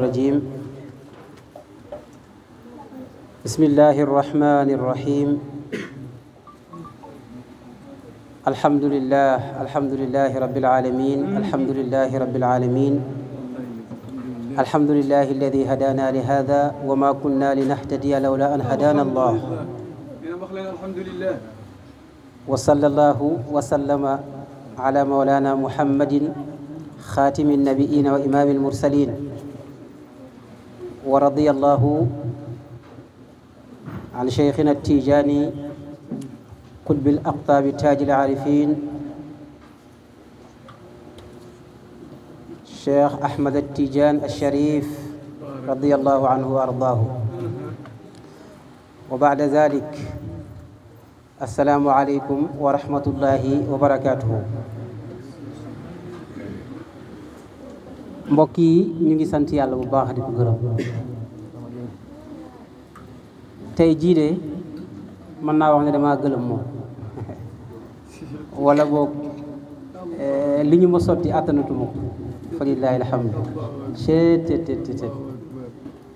الرجيم بسم الله الرحمن الرحيم الحمد لله الحمد لله رب العالمين الحمد لله رب العالمين الحمد لله الذي هدانا لهذا وما كنا لنهتدي لولا أن هدانا الله الحمد لله وصلى الله وسلم على مولانا محمد خاتم النبيين وإمام المرسلين ورضي الله عن شيخنا التيجاني قطب الأقطاب تاج العارفين الشيخ أحمد التيجان الشريف رضي الله عنه وأرضاه وبعد ذلك السلام عليكم ورحمة الله وبركاته mbokk yi ñu ngi sant yàlla bu baax di ko gërëm tey jii de mën naa wax ne damaa gëlëm moom wala boog eh, li ñu ma sotti àttanatuma ko fa lillaahi alhamdu cettt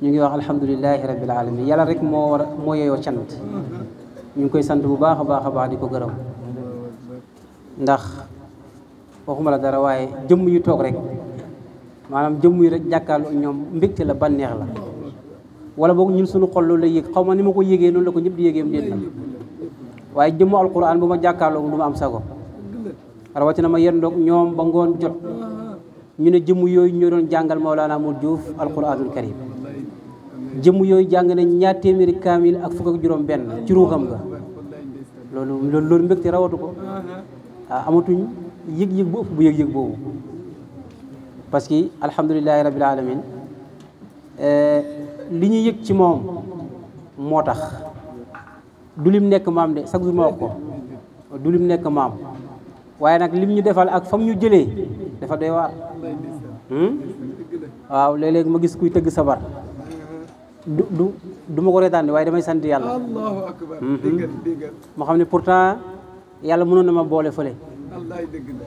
ñu ngi wax alhamdulilahi rabbil alamin yàlla rek moo war moo yeyoo cant ñu ngi koy sant bu baax a baax a baax di ko gërëm ndax waxuma la dara waaye jëmm yu toog rek manam jëm yi rek jàkkaarloo ñoom mbégte la banex la wala bok ñun suñu xol loolu la yëg xaw ni mako yegge non la ko ñëpp di yëgee déet la waye jëm alquran bu ma jàkkaarloo du ma am sago na ma yendok ñom ba ngon jot ñu ne jëm yoy ñu doon jangal maulana Modou Diouf alquranul karim jëm yoy jang na ñaar témir kamil ak fuk ak juroom ben ci ruuxam ga loolu loolu loolu rawatu ko ah, amatuñ bu bu yëg-yëg boobu parce que alhamdulilahi rabil alamin euh, li ñu yëg ci moom moo tax du lim nekk maam de chaque jour ma wax ko du lim nekk maam waaye nag lim ñu defal ak fam ñu jëlee dafa doy hmm? waaw léeg ma gis kuy tëgg sabar du du du ma ko reetaan waaye damay sant yàlla hmm, hmm. ma xam ne pourtant yàlla mënoon na ma boole fële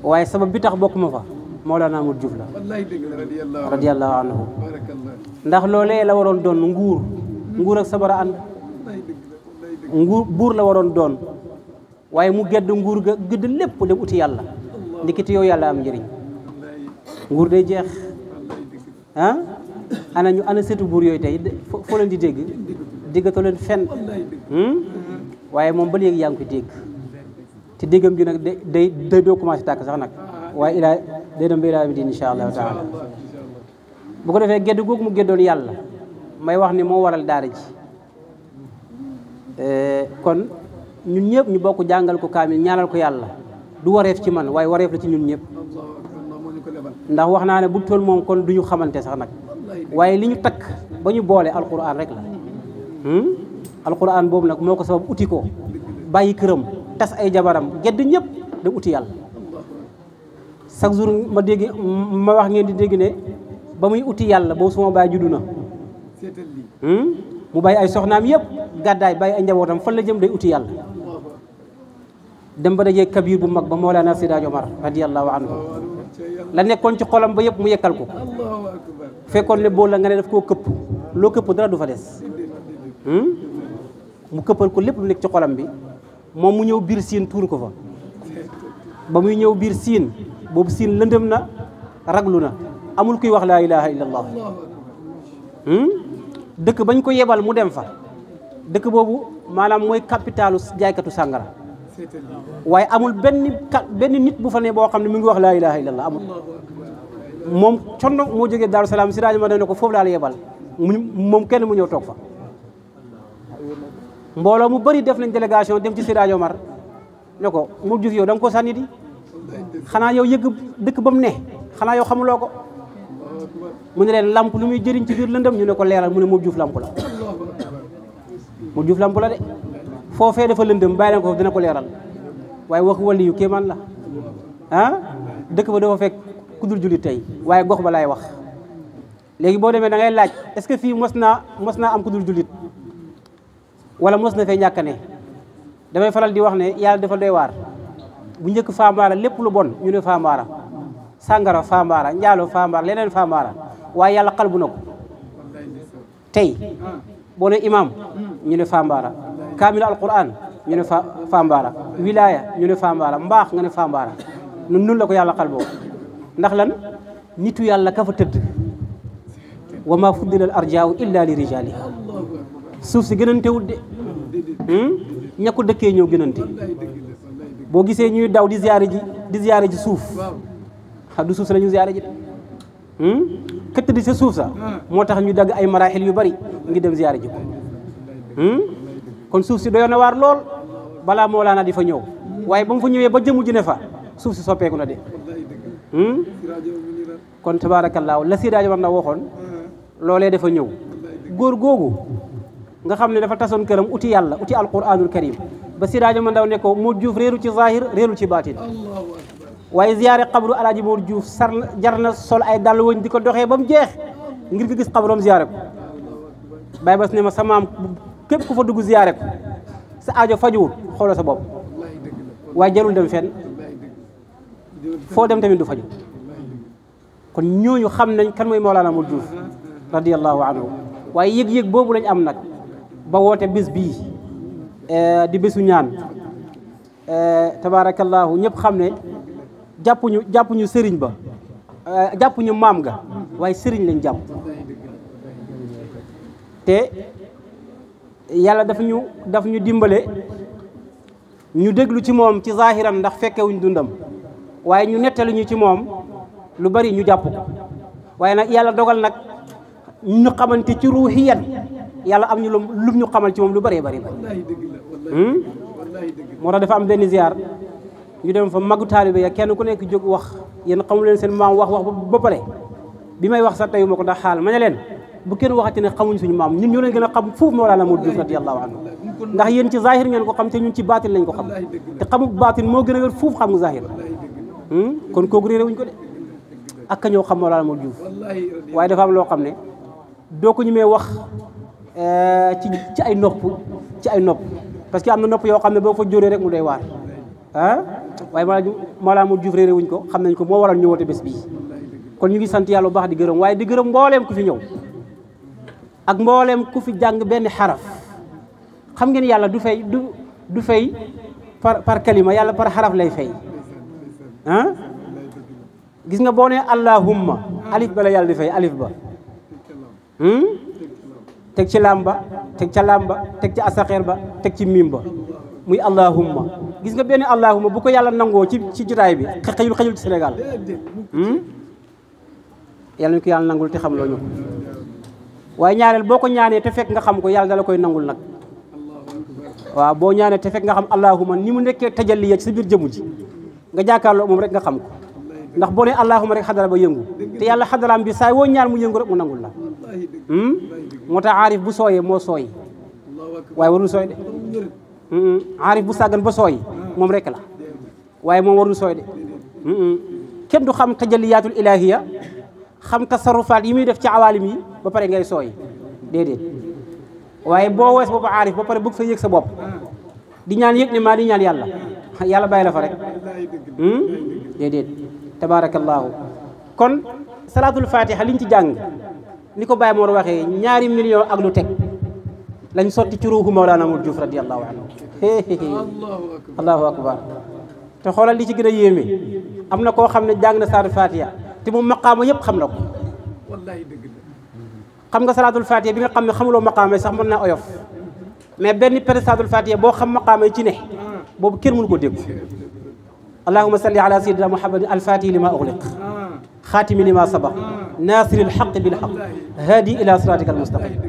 waaye sabab bi tax bokk fa maulana Amadou Diouf la wallahi deug la radiyallahu anhu ndax lolé la waron don nguur nguur ak sabara ànd nguur bour la waron don waye mu gedd nguur ga gedd lepp dem uti yàlla ndikiti yow yàlla am njëriñ nguur day jeex han ana ñu ana setu bour yoy tay fo leen di deg déggatoo leen fen hmm waye mom ba leg yang ngi koy dégg te déggam gi nag day day do commencer tak sax nak ah. waye ila déynam bi bi diin incha allahu taala bu ko defee gédd googu mu géddoon yàlla may wax ni moo waral daara ji eh, kon ñun ñëpp ñu bokk jàngal ko kaamil ñaanal ko yàlla du wareef ci man waaye wareef la ci ñun ñëpp ndax wax naa ne bu tool moom kon du ñu xamante sax nag waaye li ñu takk ba ñu boole alquran rek la hmm? alquran boobu nag moo ko sabab uti ko bàyyi këram tas ay jabaram gedd ñëpp da uti yàlla chaque jour ma dégg ma wax ngeen di dégg ne ba muy uti yàlla boobu suma baay juddu na hmm? mu bàyyi ay soxnaam yëpp gàddaay bàyyi ay njabootam fan la jëm day uti yàlla dem ba dajee kabir bu mag ba Mawlana Seydi Omar radiyallahu anhu la nekkoon ci xolam ba yëpp mu yekkal ko fekkoon ne bool la nga ne daf koo këpp loo këpp dala du fa des hmm? mu këppal ko lépp lu nekk ci xolam bi moom mu ñëw biir siin tuur ko fa ba muy ñëw biir siin بوب سين لندمنا رغلونا امول كوي واخ لا اله الا الله هم دك بان كو ييبال مو ديم فا دك بوبو مالام موي كابيتال جاي كاتو سانغرا واي امول بن بن نيت بو فاني بو خامني مي واخ لا اله الا الله امول موم تشوند مو جوغي دار السلام سراج ما دنيكو فوب لا ييبال موم كين مو نيو توك فا mbolo mu bari def nañ délégation dem ci sidadio mar nako mu juss yow dang ko sanni di xanaa yow yëgg dëkk ba mu ne xanaa yow xamuloo ko mu ne leen lamp lu muy jëriñ ci biir lëndëm ñu ne ko leeral mu ne Modou Diouf lamp la Modou Diouf lamp la de foofee dafa lëndëm bàyyi leen ko foofu dina ko leeral waaye wax wali yu la ah dëkk ba dafa fekk ku dul jullit tey waaye gox ba laay wax léegi boo demee da laaj est-ce que fii mos naa mos naa am ku dul jullit wala mos na fee ñàkk ne damay faral di wax ne yàlla dafa doy waar bu njëkk faambaara lépp lu bon ñu ne faambaara sàngara faambaara njaalo faambaara leneen faambaara waaye yàlla xal bu na ko tey boo ne imam ñu ne faambaara kaamil alquran ñu ne fa faambaara wilaya ñu ne faambaara mbaax nga ne faambaara nun nun la ko yàlla xal boo ndax lan nitu yàlla ka fa tëdd wa ma fuddila al arjaaw illa li rijaali suuf si gënantewul de ña ko dëkkee ñëw gënante boo gisee ñuy daw di ziyaare ji di ziyaare ji suuf xam ah, du suuf sa la ñuy ziyaare ji hmm? këtt suuf sax ah. moo tax ñu dagg ay maraaxil yu bari ngi dem ziyaare ji ko hmm? kon suuf si doyoon na waar lool balaa moo Mawlaana di fa ñëw waaye ba mu fa ñëwee ba jëmu ji ne fa suuf si soppeeku na de hmm? kon tabaarakallaahu la siraaji war na waxoon ah. loolee dafa ñëw góor googu nga xam ne dafa tasoon këram uti yàlla uti alquraanul karim بسير عجم من دونك موجف ريرو في ظاهر ريرو في باطن الله أكبر وزيارة قبر على جم موجف سر جرنا سول أي دلوين ديكو دخي بمجه نقول في قص قبرهم زيارة باي بس نما سمام كيف كفر دو زيارة سأجو فجور خلاص سبب وجرون دم فين فو دم تمين دو فجور كن نيو يو خم نج كان مي مولانا موجف رضي الله عنه ويجيك بوبلج أمنك بوات بيز بيه Eh, di bésu ñaan eh, tabaarakallaahu ñëpp xam ne jàppuñu jàppuñu sëriñ ba eh, jàppuñu maam ga waaye sëriñ lañ jàpp te yàlla daf ñu daf ñu dimbale ñu déglu ci moom ci zaahiram ndax fekkewuñ dundam waaye ñu nettaluñu ci moom lu bari ñu jàpp waaye nag dogal nag ñu xamante ci ruuxiyan yàlla am ñu lum ñu xamal ci moom lu bëree bëri bëri moo tax dafa am benn ziar ñu dem fa magu taalibe ya kenn ku nekk jóg wax yéen xamu leen seen maam wax wax ba pare bi may wax sax tey ma ko ndax xaal ma ne leen bu kenn waxati ne xamuñ suñu maam ñun ñoo leen gën a xam foofu Mawlana Modou Diouf radiyallahu anhu ndax yéen ci zahir ngeen ko xam te ñun ci baatin lañ ko xam te xamuk baatin moo gën a wér foofu xam nga zahir kon kooku réeré wuñ ko de ak ka ñoo xam Mawlana Modou Diouf waaye dafa am loo xam ne doo ko ñemee wax euh, ci ci ay nopp ci ay nopp parce que am na nopp yoo xam ne boo ko jóoree rek mu day waar ah waaye maanaam Maolaa Juuf réeré wuñ ko xam nañ ko moo waral ñëwoote bés bii kon ñu ngi sant yàlla bu baax di gërëm waaye di gërëm mbooleem ku fi ñëw ak mbooleem ku fi jàng benn xaraf xam ngeen yàlla du fay du du fay par par kalima yàlla par xaraf lay fay gis nga boo nee allahumma alif ba la yàlla di fay alif ba Hmm? teg ci làmba ba teg ca làmba teg ci asaxeer ba teg ci miim ba muy allahumma gis nga benn allahumma bu ko yàlla nangoo ci ci jotaay bi xëyul xëyul ci Sénégal hmm? yàlla ñu ko yàlla nangul te xam loo ñu waaye ñaareel boo ko ñaanee te fekk nga xam ko yàlla dala koy nangul nag waaw boo ñaanee te fekk nga xam allahumma ni mu nekkee tajalli ya ci sa biir jëmu ji nga jàkkaarloo moom rek nga xam ko ndax boo ne allahuma rek xadara ba yëngu te yàlla xadaraam bi say wo ñaan mu yëngu rek mu nangul la hmm tax arif bu soye mo soy waaye waru soy de hmm arif bu sàggan ba soy mom rek la waaye mom waru soy de hmm ken du xam tajalliyatul ilahiyya xam tasarrufat yimi def ci awalim yi ba pare ngay soy déedéet waye bo wess boppu arif ba pare bëgg fa yek sa bop di ñaan yek ni ma di ñaan yàlla yàlla bàyyi la fa rek déedéet tabaarakallaahu kon salaatul fatiha liñ ci jàng ni ko Baye Mor waxee ñaari million ak lu teg lañ sotti ci ruuxu Mawlaana Mul Juuf radiyallaahu anhu allahu akbar te xoolal li ci gën a yéeme am na koo xam ne jàng na salaatul fatiha te moom maqaama yëpp xam na ko xam nga salaatul fatiha bi nga xam ne xamuloo maqaama yi sax mën naa oyof mais benn per salaatul fatiha boo xam maqaama yi ci ne boobu kenn mënu ko dégg اللهم صل على سيدنا محمد الفاتح لما اغلق خاتم لما سبق ناصر الحق بالحق هادي الى صراطك المستقيم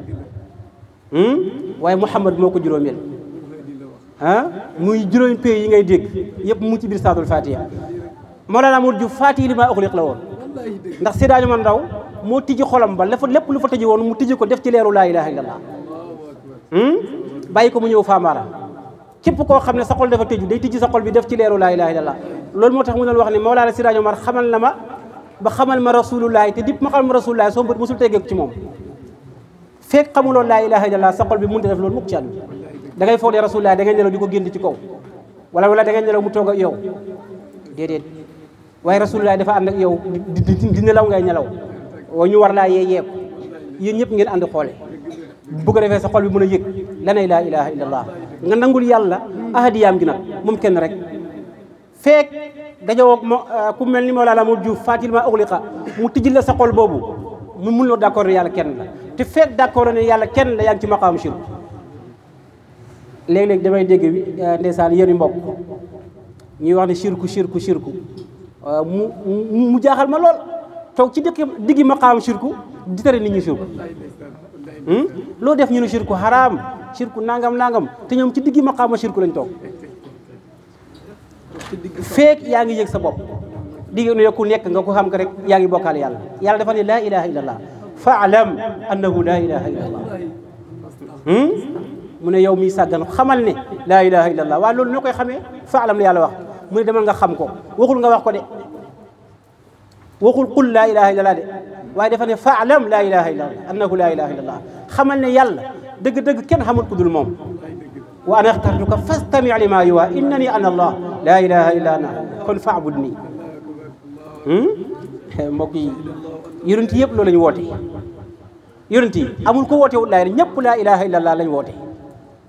هم واي محمد موكو جروميل ها موي جروي بي ييغي ديك ييب موتي بير سادو الفاتحه مولانا مرجو فاتح لما اغلق لو ndax sidani man daw mo tiji xolam ba lepp lepp lu fa tiji won mu tiji ko def ci leru la ilaha illallah hmm bayiko mu ñew famara képp koo xam ne sa xol dafa tëju day tijji sa xol bi def ci leeru laa ilaha illallah loolu moo tax mu doon wax ne Mawlaana Siraaj Omar xamal na ma ba xamal ma rasulullahi te dip ma xamal ma rasulullahi soo bët mosul teggeeku ci moom fekk xamuloo laa ilaha illallah sa xol bi mënut a def loolu mukk ci àll da ngay foog ne rasulullahi da ngay nelaw di ko génn ci kaw wala wala da ngay nelaw mu toog ak yow déedéet waaye rasulullahi dafa ànd ak yow di di nelaw ngay nelaw wa ñu war laa yee yeeku yéen ñëpp ngeen ànd xoole bu ko defee sa xol bi mën a yëg lanay laa ilaha illallah nga nangul yàlla ahadiyaam gi nag moom kenn rek feek dajawoog mo euh, ku mel ni Mawlana Mamadou Diouf fatilma uxliqa mu tijji la sa xol boobu mu mun loo d' accord ne yàlla kenn la te feek d' accord ne yàlla kenn la yaa ngi ci maqaam shirk léeg-léeg damay dégg euh, ndeysaan yéen i mbokk ñuy wax ne shirku shirku shirku euh, mu mu jaaxal ma lool toog ci dëkk diggi maqaam shirku di tere nit ñi shirku hmm? loo def ñu ne shirku haram sirku nangam nangam te ñoom ci diggi maqaama sirku lañ toog feek yaa ngi yëg sa bopp digg ne ku nekk nga ko xam ko rek yaa ngi bokkaale yàlla yàlla dafa ne laa ilaha illallah faalam annahu laa ilaha illallah mu ne yow miy sàggan xamal ne laa ilaha illallah waaye loolu noo koy xamee faalam la yàlla wax mu ne demal nga xam ko waxul nga wax ko de waxul qul laa ilaha illallah de waaye dafa ne faalam laa ilaha illallah annahu laa ilaha illallah xamal ne yàlla dëgg-dëgg kenn xamul ku dul moom wa ana axtartuka fastami lima yuwa innani ana allah la ilaha illa ana kon faabud nii hmm? mbokk yi yonent yëpp loolu la ñu woote yonent amul ko woote wut laay rek ñëpp laa ilaha illa allah lañ woote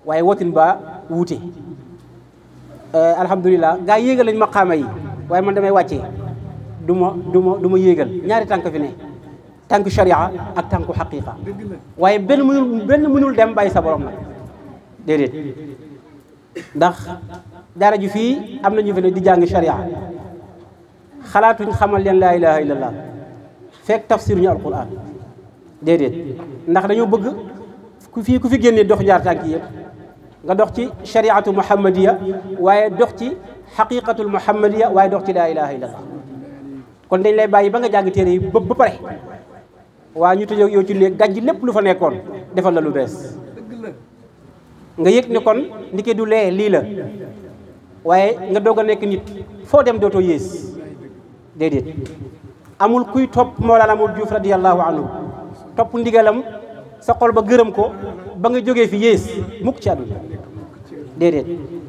waaye wootin ba wuute euh, alhamdulilah gaa yéegal lañ maqaama yi waaye man damay wàccee du ma du ma du ma yéegal ñaari tànk fi tanku sharia ak tànku haqiqa waye ben munul ben munul dem bay sa borom nak dedet ndax dara ju fi am na ñu fi di jàng sharia xalaatuñ xamal len la ilaha illallah fek tafsir ñu alquran dedet ndax dañu bëgg ku fi ku fi genné dox jaar tanki yeb nga dox ci shariatu muhammadiya waye dox ci xaqiqatul muhammadiya waye dox ci la ilaha illallah kon dañ lay bàyyi ba nga jàng téré ba pare wa ñu tëjoo yow ci néeg gàjj lepp lu fa nekkon defal la lu bes nga yek ni kon ni du lee li la waye nga doga nek nit fo dem doto yes dedet amul kuy top molana mo Diouf radiyallahu anhu top ndigalam sa xol ba geureum ko ba nga joge fi yes muk ci àdduna dedet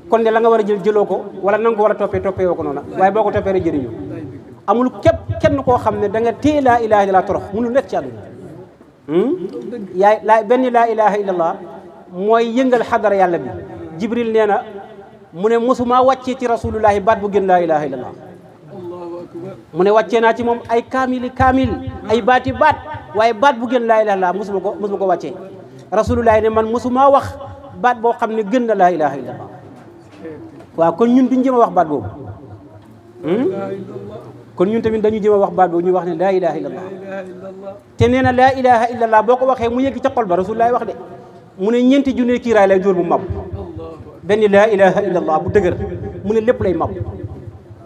kon de la nga wara jël jëloo ko wala nang ko wara topé topé toppee woo waye boko topé boo jëriñu amul kep kenn ko xamne da nga téye la ilaha illallah torox munu nekk ci aduna hmm yaay la ben la ilaha illallah moy yëngal hadara yàlla bi jibril neena mune musuma wacce ci rasulullah bat bu gën la ilaha illallah mu mune wacce na ci mom ay kamil kamil ay bati bat waye bat bu gën la ilaha illallah musuma ko musuma ko wacce rasulullah ne man musuma wax bat bo xamne gën la laa ilaha illallah wa kon ñun duñ jema a wax baat boobu kon ñun tamit dañu jëm a wax baat boobu ñuy wax ne laa ilaha illallah te nee na laa ilaha illallah boo ko waxee mu yëgg ca xol ba rasulullaay wax de mu ne ñeenti junne kiiraay lay dóor bu mab benn laa ilaha illallah bu dëgër mu ne lépp lay mab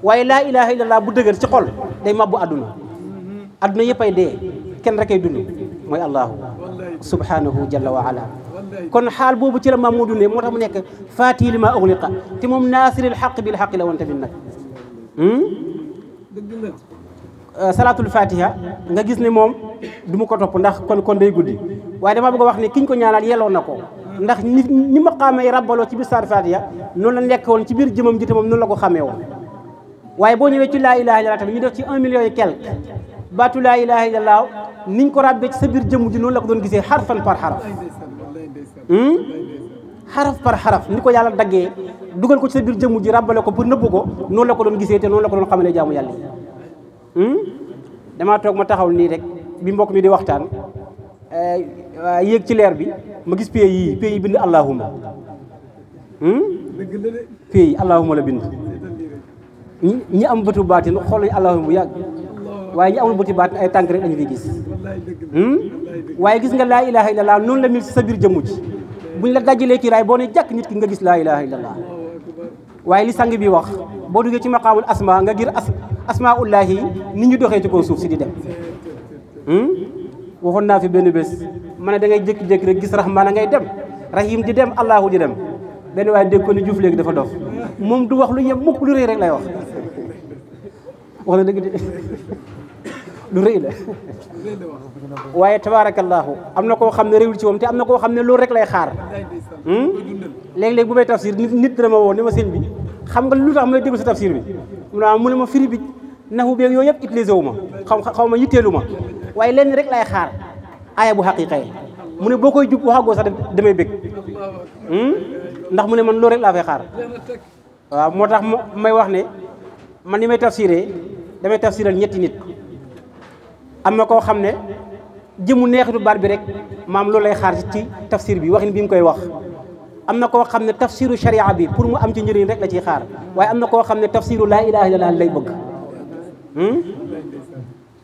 waaye laa ilaha illallah bu dëgër ci xol day mabbu àdduna àdduna yëpp ay dee kenn rek ay dund mooy allahu subhanahu jalla wa ala kon xaal boobu ci la maam moo dundee moo tax mu nekk faati li ma ugliqa te moom naasiril xaq bil xaq la woon tamit nag Euh, salaatul fatiha nga gis ne moom duma ko topp ndax kon kon dey guddi waaye dama bëgg a wax ne kiñ ko ñaanal yelloo na ko ndax ni ni ma xaamee rabbaloo ci biir salaatul fatiha noonu la nekkoon ci biir jëmam ji moom noonu la ko xamee woon waaye boo ñëwee ci laa ilaha illallah tamit ñu def ci un million et quelque baatu laa ilaha illallah niñ ko ràbbee ci sa biir jëmm ji noonu la ko doon gisee xarfan par xaraf hmm? xaraf par xaraf ni ko yàlla daggee dugal ko ci sa biir jëmm ji ràbbale ko pour nëbbu ko noonu la ko doon gisee te noonu la ko doon xamalee jaamu yàlla hmm? damaa toog ma taxaw nii rek bi mbokk mi di waxtaan eh, yéeg ci leer bi ma gis pays yi pays yi bind allahuma hmm? pays yi allahuma la bind ñi ñi am baatin xool nañu allahuma bu yàgg waaye ñi amul bëti baatin ay tànk rek lañu fi gis hmm? waaye gis nga laa ilaha illallah noonu la mil si sa biir jëmm ji buñ la dajalee kii raay boo ne nit ki nga gis laa waaye li sang bi wax boo duggee ci maqaamul asma nga gir as asmaullahi nit ñu doxee ci kaw suuf si di dem hmm? waxoon naa fi benn bés ma ne da ngay jékki rek gis rahmaana ngay dem rahim di dem allahu di dem benn waaye dégg ko ni juuf léegi dafa dof moom du wax lu yem mukk lu rëy rek lay wax wax na dëgg de lu rëy la waaye tabaarakallaahu am na koo xam ne réewul ci moom te am na koo xam ne loolu rek lay xaar hmm? léeg-léeg bu may tafsir nit nit dana ne ma sëñ bi xam nga lu tax may déglu sa tafsir bi mu ne ne ma firi bi nafu beeg yooyu yëpp utilisé wu ma xaw xaw ma yitteelu ma waaye lenn rek lay xaar aaya bu xaqiqa yi mu ne boo koy jub waxagoo sax damay bëgg hmm? ndax mu ne man loolu rek laa fay xaar waaw moo tax may wax ne man ni may tafsiree damay tafsiral ñetti nit amna ko xamne xam jëmu neexitu baat bi rek mam lolay xaar ci tafsir bi waxin bim koy wax amna ko xamne tafsiru sharia bi pour mu am ci njëriñ rek la ci xaar waye amna ko xamne tafsiru la ilaha illallah lay bëgg hmm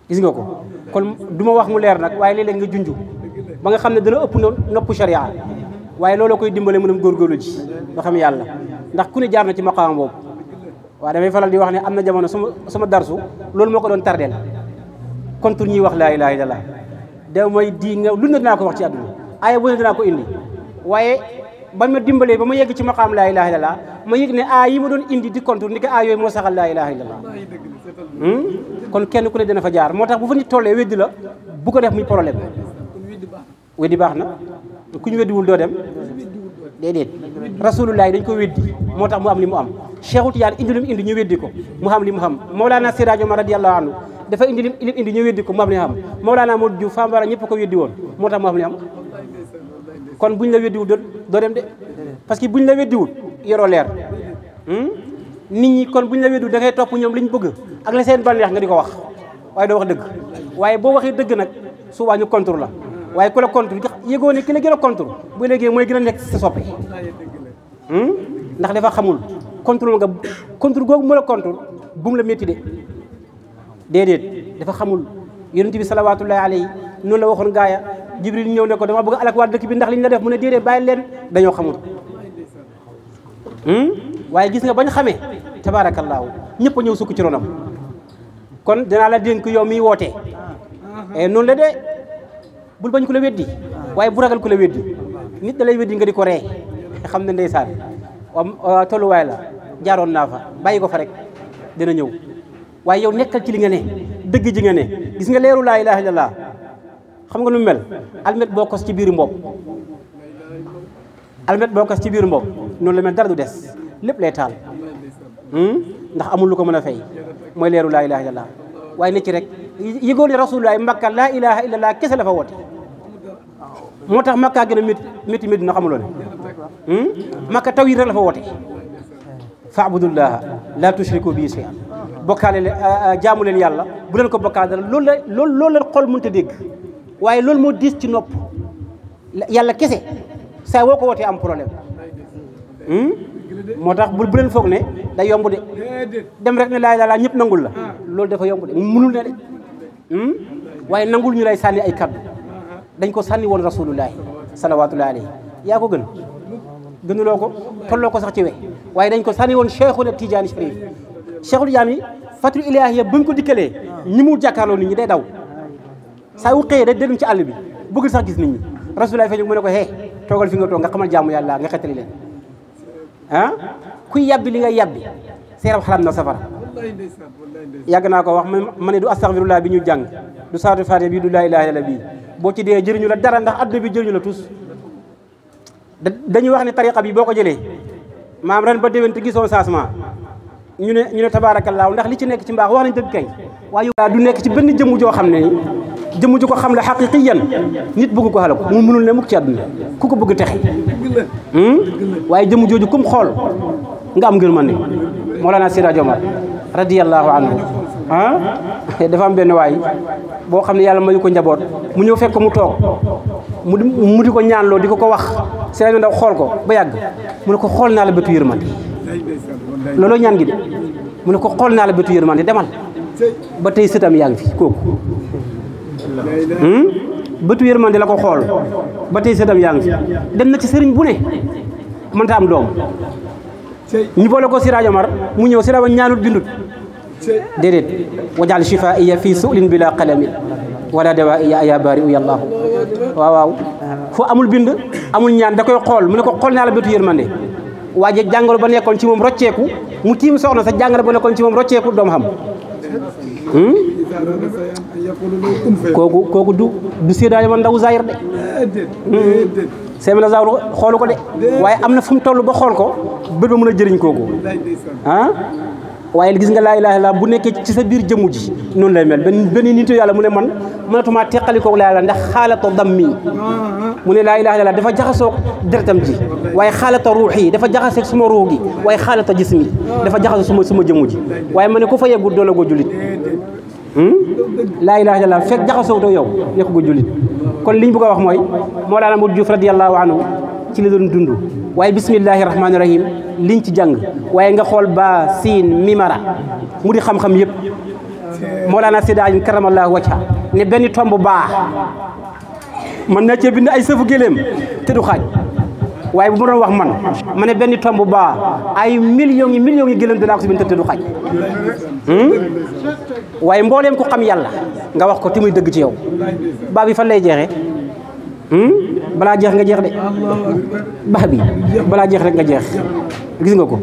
gis nga ko kon duma wax mu leer nak waye leeg nga junj ba nga xamne ne dana ëpp nopp sharia waye lolo koy dimbale mu dem gorlu ci ba xam yàlla ndax ku ne jaar na ci maqam bob wa damay faral di wax ne amna jamono sama sama darsu lolou moko don tardel contre ñuy wax laa ilaaha illallaah damay di nga lu ne dinaa ko wax ci àdduna aaya bu ne ko indi waaye ba ma dimbalee ba ma yegg ci maqaam laa ilaaha illallaah ma yëg ne aay yi ma doon indi di contre ni ko aay yooyu moo saxal laa ilaaha illallaah hmm? kon kenn ku ne dina fa jaar moo tax bu fa ñu tollee weddi la bu ko def muy problème weddi baax na ku ñu weddiwul doo dem déedéet rasulullah dañ ko weddi moo tax mu am li mu am Cheikhul Tijaan indi lu indi ñu ko mu xam li mu xam Mawlana Siraj Omar radiyallahu anhu dafa indi lim indi ñu weddi ko mu am li am Mawlana Modou Diouf Fane Bara ñëpp ko weddi woon moo tax mu am li am kon ñu la weddiwul doo doo dem de parce que buñ la weddiwul yoroo leer hmm? nit ñi kon buñ la weddiwul da ngay topp ñoom liñ bëgg ak la seen bànneex nga di ko wax waaye doo wax dëgg waaye boo waxee dëgg nag souvent ñu contre la waaye ku la contre yëgoo ne ki la gën a contre bu léegi mooy gën a nekk sa soppe hmm? ndax dafa xamul contre nga contre googu mu la contre la métti de dedet dafa xamul yaronte bi salawaatullahi alayhi non la waxon gaaya jibril ñëw ne ko dama bëgg alak wa dëkk bi ndax liñ la def mu ne dedet bayil leen dañu xamul hmm waye gis nga bañ xamé tabarakallah ñëpp ñëw suku ci ronam kon dina la dénk yow mi wote eh non la de bul bañ ko la weddi waye bu ragal ko la weddi nit da lay weddi nga diko ré ree xam ne ndeysaan way la jaron nafa bayiko fa rek dina ñëw waye yow nekkal ci li nga ne deug ji nga ne gis nga leeru la ilaha illallah xam nga nu mel almet boko ci biir mbopp almet boko ci biir mbopp non la mel dara du dess lépp lay taal ndax amul lu ko meuna fay moy leeru la ilaha illallah waye ne ci rek yego ne rasulullah makka la ilaha illallah kessa la fa wote motax makka gëna mit mit mit na xamulone hmm makka taw yi rek la fa wote faabudullaha la tushriku bi shay'an bokkaale leen jaamu leen yàlla bu leen ko bokkaale dara loolu lool loolu loolu la xol mënta dégg waaye loolu moo diis ci nopp yàlla kese saa woo ko wootee am problème hmm? moo tax bu bu leen foog ne day yomb de dem rek ne laay laa ñëpp nangul la loolu dafa yomb de mënul ne de hmm? waaye nangul ñu lay sànni ay kaddu dañ ko sànni woon rasulullahi salawaatullahi alayhi yaa ko gën gënuloo ko tolloo ko sax ci we waaye dañ ko sànni woon cheikhuna tijaani sharif yi Jaami fatul ilaahiya buñ ko dikkalee ñi ah. mu jàkkaarloo nit ñi day daw saa yu xëyee day dellu ci àll bi bëggul sax gis nit ñi rasulaay feeñu mu ne ko hee toogal fi nga toog nga xamal jaamu yàlla nga xettali leen ah kuy yàbbi li nga yàbbi seeram xalaat na safara yàgg naa ko wax ma ne du astaghfirullah bi ñu jàng du saatu faate bi du laa ilaaha illa bi boo ci dee jëriñu la dara ndax adduna bi jëriñu la tous dañuy wax ne tariqa bi boo ko jëlee maam ren ba déwén te gisoon ñu ne ñu ne tabaarakallaahu ndax li ci nekk ci mbaax wax nañ dëgg kay waaye du nekk ci benn jëmm joo xam ne ni jëmm ju ko xam la xaqiqiyan nit bëgg ko xalaku mu mënul ne mukk ci àdduna ku ko bëgg texe waaye jëmm jooju kum xool nga am ngërmande Mawlana Seydi Hadji Omar radiyallahu anhu ah dafa am ben way bo xam yalla mayu ko njabot mu ñew fekk mu tok mu di mu di ko ñaanloo di ko ko wax si ndaw xol ko ba yag mu ne ko xol na la bëtu yërmande lolo ñaan gi de mu ne ko xol na la bëtu yërmande demal ba tay sëtam yaa ngi fi kooku hmm? bëtu yërmande la ko xol ba tay sëtam yaa fi dem na ci sëriñ bu ne ta am doom ñu bolé ko si mar mu ñew si rajo bindut ديرت وجعل شفائي في سؤل بلا قلم ولا دواء يا يا بارئ يا الله واو واو فو امول بند امول نيان داكاي خول مونيكو خول نالا بيتو يرماندي واجي جانغرو با نيكون سي موم روتيكو مو تيم سوخنا سا جانغرو با نيكون سي موم روتيكو دوم هم هم كوكو كوكو دو دو سيداي مان داو زاير دي سيمنا زاور خولوكو دي واي امنا فوم تولو با خول كو بيت مونا جيرين كوكو ها waye gis nga la ilaha illallah bu nekk ci sa bir jëmuji non lay mel ben ben nitu yàlla mu ne man manatuma tekkali ko la yàlla ndax khalatu dammi mu ne laa ilaaha illaa dafa jaxaso dertam ji waye khalatu ruhi dafa jaxasoog suma ruhi gi waaye xaalata jismi dafa jaxaso suma suma jëmuji waye mané ma ku fa yeggul do la go julit hmm la ilaha illallah fek jaxaso doo yow nekk go julit kon liñ bëgg a wax mo la daana mu Juuf radiyallahu anhu ci la doon dund waaye bismillahi rahmaani rahim liñ ci jàng waaye nga xool ba siin mimara mu di xam-xam yëpp Mawlana laa karamallahu wajha ne benn tomb baa mën na cee bind ay sëfu géléem te du xaaj waaye bu ma doon wax man ma ne benn tomb baa ay millions yi millions yi géléem danaa ko si bind te du xaaj hmm? waaye mbooleem ku xam yàlla nga wax ko te muy dëgg ci yow baa bi fan lay jeexee Hmm? bala jeex nga jeex de baax bi balaa jeex rek nga jeex gis nga ko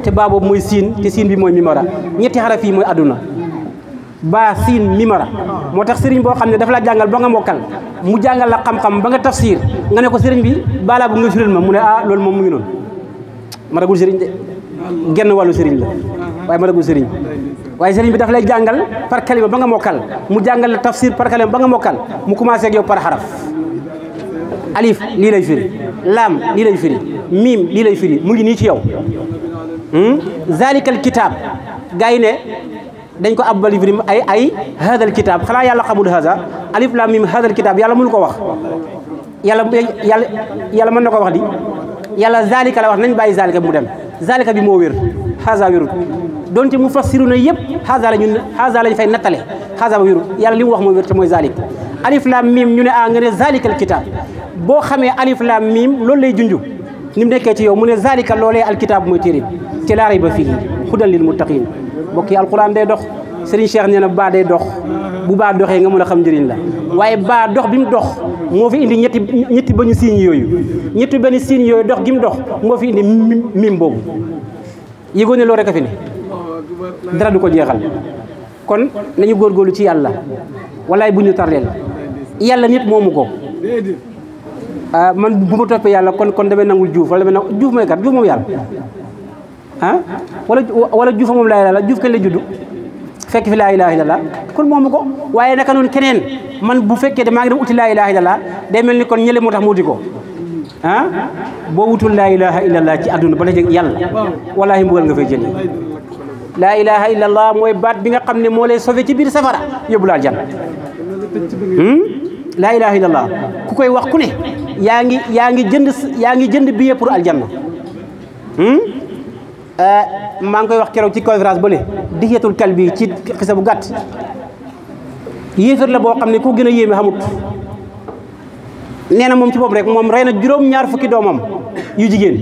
te babo moy sin te sin bi moy mimara ñetti xaraf yi mooy àdduna baa siin mimara motax serigne bo xamne dafa la jangal ba nga mokal mu jangal la xam-xam ba nga tafsir nga ne ko serigne bi bala bu nga jurel ma mu ne ah loolu mom mu ngi ma ragul serigne de genn walu serigne la ma ragul serigne waaye serigne bi dafa lay jangal par kalima ba nga mokal mu jangal la tafsir par kalima ba nga mokal mu commencé ak yow par haraf alif lii lay firi laam lii lay firi miim lii lay firi mu ngi nii ci yow hmm? zalikal kitaab gars yi ne dañ ko abbal firi ay ay hadal kitaab xanaa yàlla xamul hada alif laam miim hadal kitaab yàlla mënu ko wax yàlla yàlla yàlla mën na ko wax di yàlla zalika la wax nañ bàyyi zalika bi mu dem zalika bi moo wér hasa wérul donte mu fassiru na yëpp hasa la ñun hasa lañ fay nattale hasa ba wérul yàlla li mu wax moo wér te mooy zalik alif lam mim ñu ne a nga ne zalikal kitab bo xamé alif lam mim lool lay junju nim nekké ci yow mu ne zalika al kitab moy téré ci ray ba fi khudal lil muttaqin bokki al qur'an day dox Serigne Cheikh néna ba day dox bu ba doxé nga mëna xam jëriñ la waye ba dox bimu dox mo fi indi ñetti ñetti bañu signe yoyu ñetti bañu signe yoyu dox gimu dox mo fi indi mim bobu yego ne loolu ka fi ne dara du ko jéxal kon nañu góorgóorlu ci yàlla walaay buñu tarlel yalla nit moomu ko ah man bu ma toppee yàlla kon kon damay nangul juuf wala damay nangul juuf mooy kat juuf moom yàlla ah wala wala moom laa ilaaha juuf kañ la juddu fekk fi laa ilaaha illallah kon moomu ko waaye naka noonu keneen man bu fekkee de maa ngi dem uti laa day mel ni kon ñële moo tax mu uti ko ah? boo wutul laa ilaaha illallah ci àdduna ba la jeg yàlla wallaahi mbugal nga fay jëlee laa ilaaha illallah mooy baat bi xam ne moo lay sauvé ci biir safara yóbbu laa aljanna hmm? laa ilaha illallah ku koy wax ku ne yaa ngi yaa ngi jënd yaa ngi jënd billet pour aljanna hmm? eh, maa ngi koy wax keroog ci conférence ba le dixiyatul kalbi ci xisa bu gàtt yéefar la boo xam ne ku gën a yéeme xamut nee na moom ci bopp rek moom rey na juróom ñaar fukki doomam yu jigéen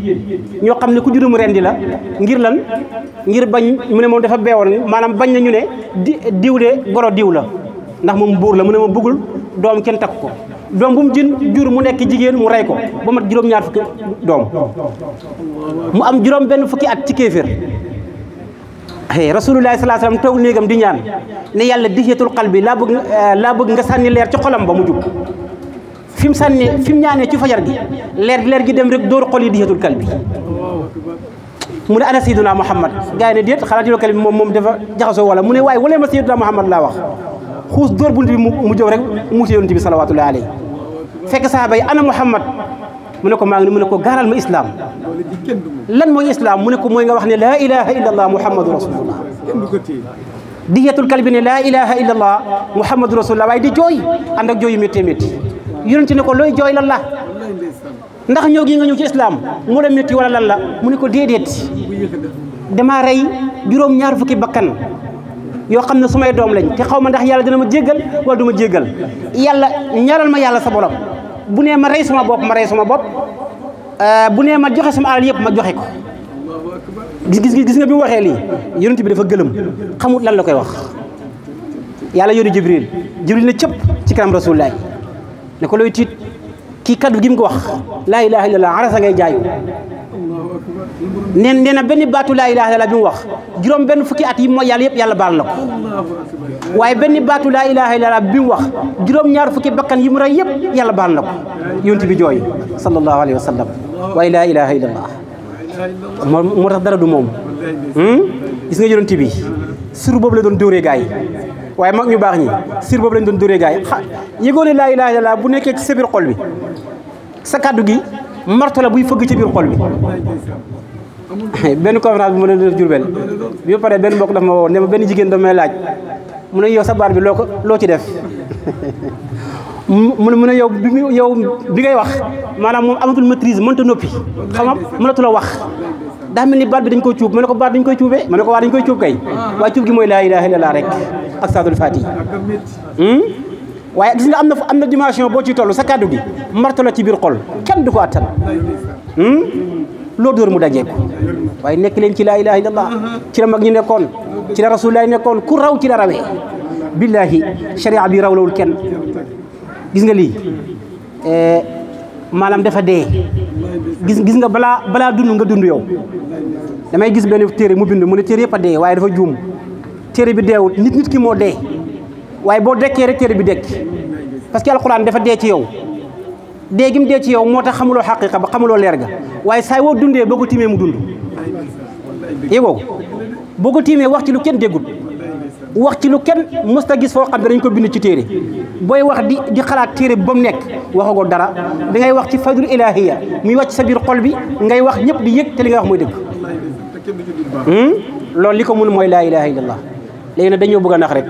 ñoo xam ne ku juróomu rendi la ngir lan ngir bañ mu ne moom dafa beewoon maanaam bañ na ñu ne di diw de goro diw la ndax moom buur la mu ne moom bëggul doom kenn takk ko doom bu mu jën jur mu nekk jigéen mu rey ko ba mat juróom-ñaar fukki doom mu am juróom benn fukki at ci kéeféer rasulullahi salaa salaam toog néegam di ñaan ne yàlla dixiyatul xal bi laa bëgg eh, laa bëgg nga sànni leer ci xolam ba mu jub fi mu sànni fi mu ñaanee ci fajar gi leer leer gi dem rek dóor xol yi dixiyatul xal bi mu ne ana sayyiduna muhammad gars yi ne déet xanaa dixiyatul xal bi moom moom dafa jaxasoo wala mu ne waaye wala ma sayyiduna muhammad laa wax خوس دور بول بي موجو رك موتي يونتي صلوات الله عليه فك صحابه انا محمد منكو ماغ منكو غارال ما اسلام لان موي اسلام منكو موي غا لا اله الا الله محمد رسول الله دية القلب لا اله الا الله محمد رسول الله واي دي جوي اندك جوي ميتي ميتي يونتي نكو لوي جوي لله ndax ñoo gi إسلام ñu ci islam mu la metti wala lan la mu ne yoo xam ne sumay doom lañ te xaw ma ndax yàlla dina ma jéggal wala du ma jéggal yàlla ñaanal ma yàlla sa borom bu nee ma rey suma bopp ma rey suma bopp euh, bu nee ma joxe sama alal yëpp ma joxe ko gis gis gis nga bi mu waxee lii yonent bi dafa gëlëm xamut lan la koy wax yàlla yónni jibril jibril na cëp ci kanam rasulullah ne ko looy tiit kii kaddu gi ko wax laa ilaha illallah arasa ngay jaayu neen nee benn baatu laa ilaha illallah wax juróom benn fukki at yi mooy yàlla yëpp yàlla baal na ko waaye benn baatu laa ilaha illallah bi mu wax juróom ñaar fukki bakkan yi mu rey yëpp yàlla baal na ko yonent bi jooy sallallahu alayhi wa sallam waaye dara du moom hmm? gis nga yonent la doon dóoree waaye mag ñu baax ñi sir boobu lañ doon duree gars yi xa yëgoon ne laa ilaaha illallaah bu nekkee ci sa biir xol bi sa kàddu gi marto la buy fëgg ci biir xol bi benn conférence bi ma leen def Jurbel bi ma paree benn mbokk dafa ma woo ne ma benn jigéen da may laaj mu a yow sa baat bi loo ko loo ci def mu ne mu ne yow bi yow bi ngay wax maanaam moom amatul maîtrise mënta noppi xamam mënatu la wax daa mel ni baat bi dañ koy cuub ma ne ko baat dañ koy cuubee ma ne ko waa dañ koy cuub kay waaye cuub gi mooy laa ilaaha rek ak saadul faati hmm? waaye gis nga am na am na dimension boo ci tollu sa kàddu gi marto la ci biir xol kenn du ko attan hmm? loo dóor mu dajeeku waaye nekk leen ci laa ilaaha illallaah ci la mag ñu nekkoon ci la rasulullaah nekkoon ku raw ci la rawee billaahi sharia bi raw lawul kenn gis nga lii eh, maanaam dafa dee gis gis nga balaa balaa dund nga dund yow damay gis benn téere mu bind mu ne téere yëpp a dee waaye dafa juum téere bi deewut nit nit ki moo dee waaye boo dekkee rek téere bi dekki parce que alxuraan dafa dee ci yow dee gi dee ci yow moo tax xamuloo xaqiqa ba xamuloo leer ga waaye saa woo dundee boo ko tiimee mu dund yégoo boo ko tiimee wax ci lu kenn déggut wax ci lu kenn musta gis fo xam dañ ko bind ci téré boy wax di di xalat téré bam nek waxago dara da ngay wax ci fadul ilahiya muy wacc sa biir xol ngay wax ñep di yek te li nga wax moy deug hmm lool liko mun moy la ilaha illallah leena dañu bëgg nax rek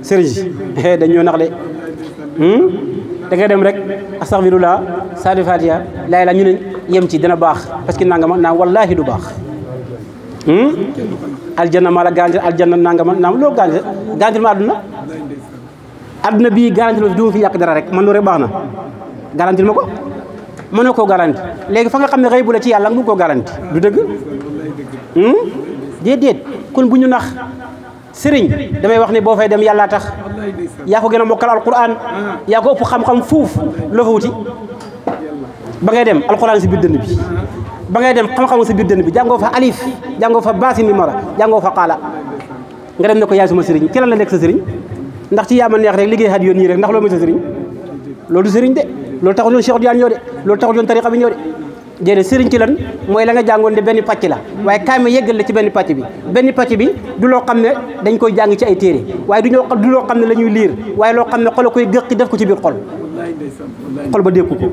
serigne he dañu nax hmm da nga dem rek astaghfirullah sadi fatiha la ilaha ñu ne yem ci dina bax parce que nangama na wallahi du hmm aljanna maa la garantir aljanna nangama naam loo garantir garantir ma àdduna àdduna bii garantir ma duma fi yàq dara rek man loolu rek baax na garantir ma ko mënoo koo garanti léegi fa nga xam ne rëy bu ci yàlla nga bëgg koo garanti du dëgg hmm? déedéet kon bu ñu nax sëriñ damay wax ne boo fay dem yàllaa tax yaa ko gën a mokkal alquran yaa ko ëpp xam-xam fuuf loo fa wuti ngay dem alquran si biir dënn bi ba ngay dem xam-xamu sa bir dënn bi jàngoo fa alif jàngoo fa baasi mi mara jàngoo fa qala nga dem ne ko yaay suma sëriñ ci lan la nekk sa sëriñ ndax ci yaama neex rek liggéey xat yoon yi rek ndax loolu mooy sa sëriñ loolu du sëriñ de loolu taxul yoon Cheikh Diane ñoo de loolu taxul yoon tariqa bi ñoo de jeene sëriñ ci lan mooy la nga jàngoon de benn pàcc la waaye kaay yeggal la ci benn pàcc bi benn pàcc bi du loo xam ne dañ koy jàng ci ay téere waaye du ñoo du loo xam ne la ñuy liir waaye loo xam ne xol koy gëq def ko ci biir xol xol ba dékku ko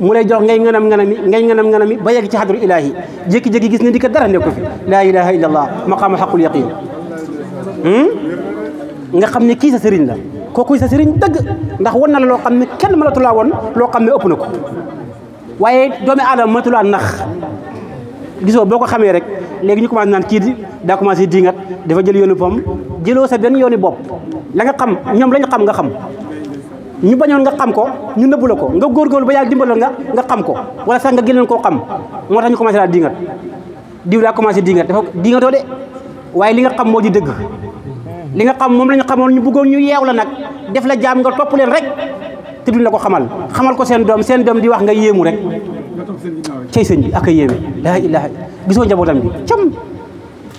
mu lay jox ngay nganam nganami ngay nganam nganami ba yegg ci xadru ilaahi jékki-jékki gis ne di ko dara nekku fi laa ilaha illa allah maqaama xaqul yaqin hmm? nga xam ne kii sa sëriñ la kooku sa sëriñ dagg ndax wan na la loo xam ne kenn mënatu laa woon loo xam ne ëpp na ko waaye doomi aadama mënatu laa nax gisoo boo ko xamee rek léegi ñu commencé naan kii daa commencé diingat dafa jël yoonu pom jëloo sa benn yooni bopp la nga xam ñoom la xam nga xam ñu bañoon nga xam ko ñu nëbbu la ko nga góorgóorlu ba yàlla dimbaloon nga nga xam ko wala sax nga gënoon koo xam moo tax ñu commencé laa dingat diw laa commencé dingat dafa dingatoo de waaye li nga xam moo di dëgg li nga xam moom la xamoon ñu bëggoon ñu yeew la nag def la jaam nga topp leen rek te duñ ko xamal xamal ko seen doom seen doom di wax nga yéemu rek cey sëñ bi ak a yéeme laa ilaha gisoo njabootam bi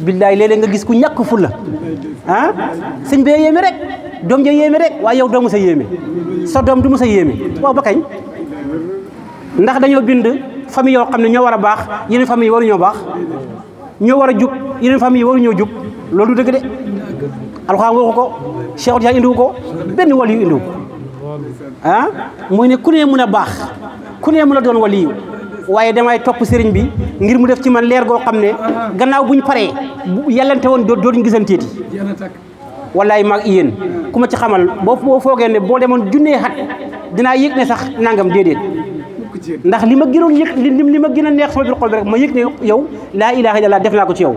billaay léeg-léeg nga gis ku ñàkk fulla ah sëñ bee yéeme rek doom ja yéeme rek waa yow doo mës a yéeme sa doom du mës sa yéeme waaw ba kañ ndax dañoo bind famille yoo xam ne ñoo war a baax yi yeneen famille waruñoo baax ñoo war a jub yeneen famille waruñoo jub loolu du dëgg de alxuraan waxu ko Cheikh Tidiane indiwu ko benn waliyu indiwu ah mooy ne ku ne mën a baax ku ne mën a doon waliyu waaye damay topp sëriñ bi ngir mu def ci man leer goo xam ne gannaaw bu ñu paree yàllante woon dootuñu gisanteeti wallaay maag yéen ku ma ci xamal boo boo foogee ne boo demoon junnee xat dinaa yëg ne sax nangam déedéet ndax li ma gënoon yëg li ma gën a neex sama biir xol bi rek ma yëg ne yow laa ilaaha illallaah def naa ko ci yow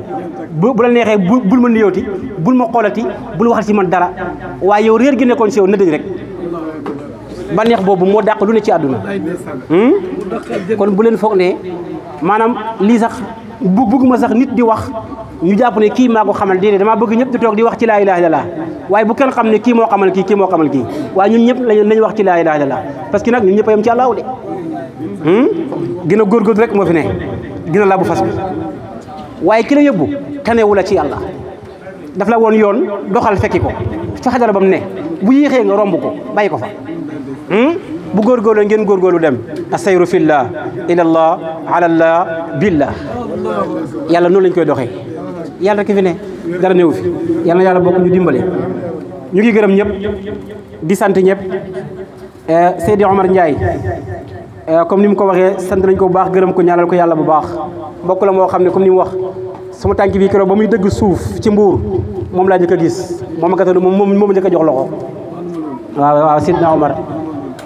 bu la neexee bul ma nuyooti bul ma xoolati bul waxal ci man dara waaye yow réer gi nekkoon ci yow na dëgg rek bànneex boobu moo dàq lu ne ci àdduna hmm? kon bu leen foog ne maanaam lii sax bu bëgg ma sax nit di wax ñu jàpp ne kii maa ko xamal déedéet damaa bëgg ñëpp di toog di wax ci laa ilaha illallah waaye bu kenn xam ne kii moo xamal kii kii moo xamal kii waaye ñun ñëpp lañ wax ci laa ilaha illallah parce que nag ñun ñëpp a yem ci hmm? gën a góorgóorlu rek moo fi ne gën a labu fas bi waaye ki la yóbbu tanewu la ci yàlla daf la woon yoon doxal fekki ko fa xadara ba mu ne bu yéexee nga romb ko bay ko fa Hmm? bu góorgóorlu ngeen góorgóorlu dem asayru fillah ilallah alallah billah yàlla noonu lañ koy doxe yàlla rek fi ne dara néew fi yàlla na yàlla bokk ñu dimbale ñu ngi gërëm ñëpp di sant ñëpp eh, Seydi Omar Ndiaye eh, comme ni mu ko waxee sant nañ ko bu baax gërëm ko ñaanal ko yàlla bu baax bokk la moo xam ne comme ni mu wax sama tànk bi keroog ba muy dëgg suuf ci mbuur moom laa njëkk a gis moom a gis moom moom njëkk a jox loxo waaw waaw Seydina Omar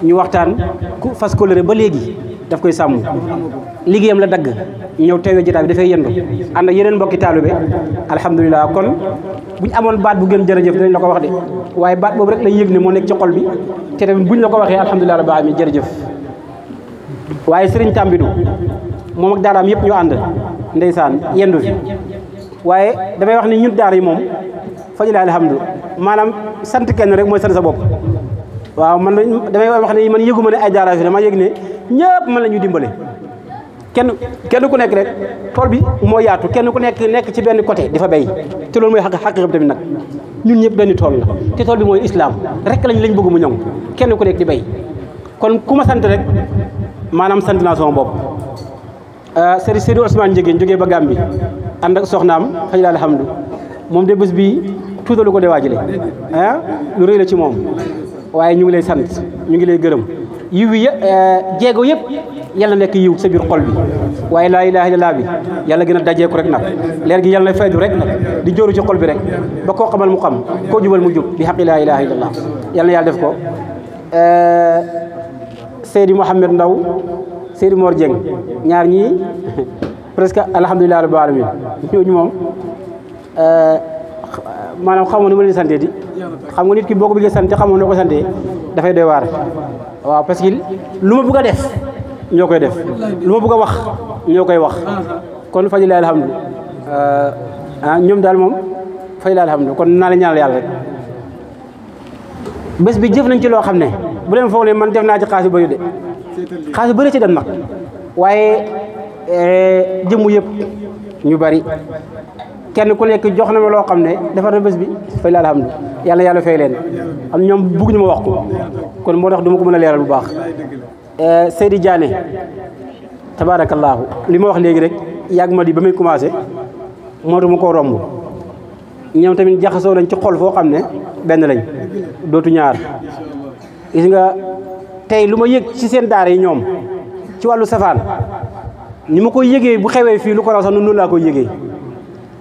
ñu waxtaan ku fas kóllëre ba léegi daf koy sàmm liggéeyam la dagg ñëw teewee jotaay bi dafay yendu ànd ak yeneen mbokki taalibe alhamdulilah kon buñ amoon baat bu gën jërëjëf dinañ la ko wax de waaye baat boobu rek lay yëg ne moo nekk ci xol bi te tamit buñ la ko waxee alhamdulilah rabbil alamin jërëjëf waaye sëriñ Tambidou moom ak daaraam yëpp ñu ànd ndeysaan yendu fi waaye damay wax ni ñun daara yi moom fa ñu lay alhamdu maanaam sant kenn rek mooy sant sa bopp waaw man damay wax ne man yëgu ma ne ay daara fi dama yëg ne ñëpp man la ñu dimbale kenn kenn ku nekk rek tool bi moo yaatu kenn ku nekk nekk ci benn côté di fa béy te loolu mooy xaq xaq tamit nag ñun ñëpp benn tool la te tool bi mooy islam rek lañ lañ bëgg mu ñoŋ kenn ku nekk di bay kon ku ma sant rek maanaam sant naa sama bopp ah, sëriñ Seydou Ousmane Ndiéguène jógee ba Gàmbi ànd ak soxnaam xëy la alhamdu moom de bés bi tuutalu ko de waajale ah lu rëy la ci moom waaye ñu ngi lay sant ñu ngi lay gërëm yiw yi eh, jéego yëpp yàlla nekk yiw sa biir xol bi waaye laa ilaaha illallaa bi yàlla gën a dajeeku rek nag leer gi yàlla na faydu rek nag di jóoru ci xol bi rek ba koo xamal mu xam koo jubal mu jub bi xaqi laa ilaaha illallaa yàlla na yàlla def ko eh, Seydi Mouhamed Ndaw Seydi Mor Dieng ñaar ñii presque alhamdulilah rabbil alamin ñooñu moom eh, maanaam xaw ma nu ma leen santee di xam nga nit ki boo ko bëggee sant te xamoon noo ko santee dafay doy waar waaw parce que lu ma def ñoo koy def lu ma wax ñoo koy wax kon faj la alhamdu euh, ah ñoom daal moom faj la alhamdu kon naal la ñaanal rek bés bi jëf nañ ci loo xam ne bu leen foog ne man def naa ci xaalis bu de xaalis bu bëri ci dem nag waaye euh, jëmm yëpp ñu bari kenn ku nekk jox na ma loo xam ne defar na bés bi fay la alhamdu yàlla yàlla fay leen am ñoom bugg ñu ma wax ko kon moo tax duma ko mën a leeral bu baax eh, Seydi Diané tabaarakallaahu li ma wax léegi rek yàgg ma di ba muy commencé moo tax ma koo romb ñoom tamit jaxasoo nañ ci xol foo xam ne benn lañ dootu ñaar gis nga tey lu ma yëg ci seen daara yi ñoom ci wàllu safaan ni ma koy yëgee bu xewee fii lu ko raw sax noonu laa koy yëgee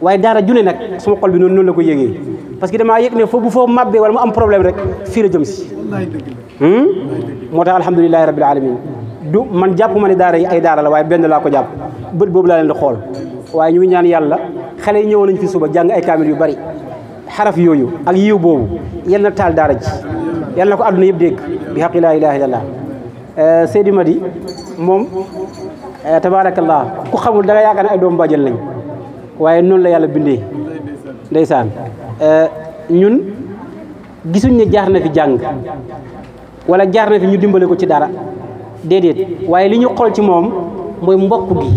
waye dara june nak suma xol bi non non la ko yëgee parce que dama yëg ne foofu bu foofu màbbee wala mu am problème rek fi la jëm ci hmm motax alhamdulilahi rabbil alamin du man jappuma ni dara yi ay dara la waye ben la ko jàpp bët bobu la len di xol waye ñu ñaan yàlla xale ñew nañ fi suba jàng ay kamil yu bari xaraf yoyu ak yiw bobu yalla taal dara ci yalla ko aduna yeb deg bi haqqi la ilaha illallah euh Seydi Madi mom tabarakallah ku xamul da nga yaakaar ay doom bajjal lañ waaye noonu la yàlla bindee ndeysaan euh, ñun gisuñ ne jaar na fi jàng wala jaar na fi ñu dimbale ko ci dara déedéet waaye li ñu xool ci moom mooy mbokk gi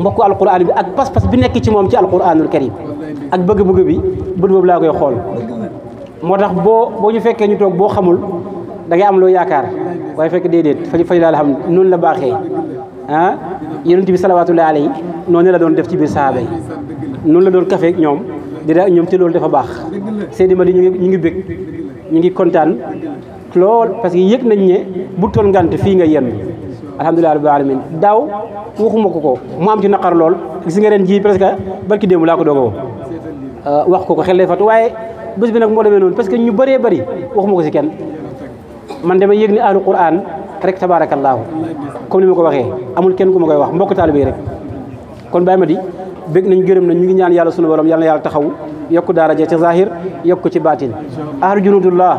mbokku alquran bi ak pas-pas bi nekk ci moom ci alquranul karim ak bëgg-bëgg bi bët boobu laa koy xool moo tax boo boo ñu fekkee ñu toog boo xamul dangay am loo yaakaar waaye fekk déedéet fa faj laa alhamdu noonu la baaxee ah yonent bi salawatu alayhi noonu la don def ci biir saaba yi noonu la kafe ak ñom di da ñom ci lool dafa bax Seydi Madi ñu ngi ñu ngi bég ñu ngi contane lool parce que yek nañ ne bu ton ngant fi nga yenn alhamdulilah rabbil alamin daw waxuma ko ko mu am ci naqar lool gis nga ren ji presque barki dem la ko dogo euh, wax ko ko xel lay fatu waye bés bi nak mo demé non parce que ñu bari bari waxuma ko ci kenn man dama yëg ni ahlu quran rek tabaarakallaahu comme ni ma ko waxee amul kenn ku ma koy wax mbokk taalibe rek kon Baye Madi bëgg nañ gërëm nañ ñu ngi ñaan yàlla sunu borom yàlla na yàlla taxaw yokku daara ja ci zahir yokku ci baatin ahlu junudullah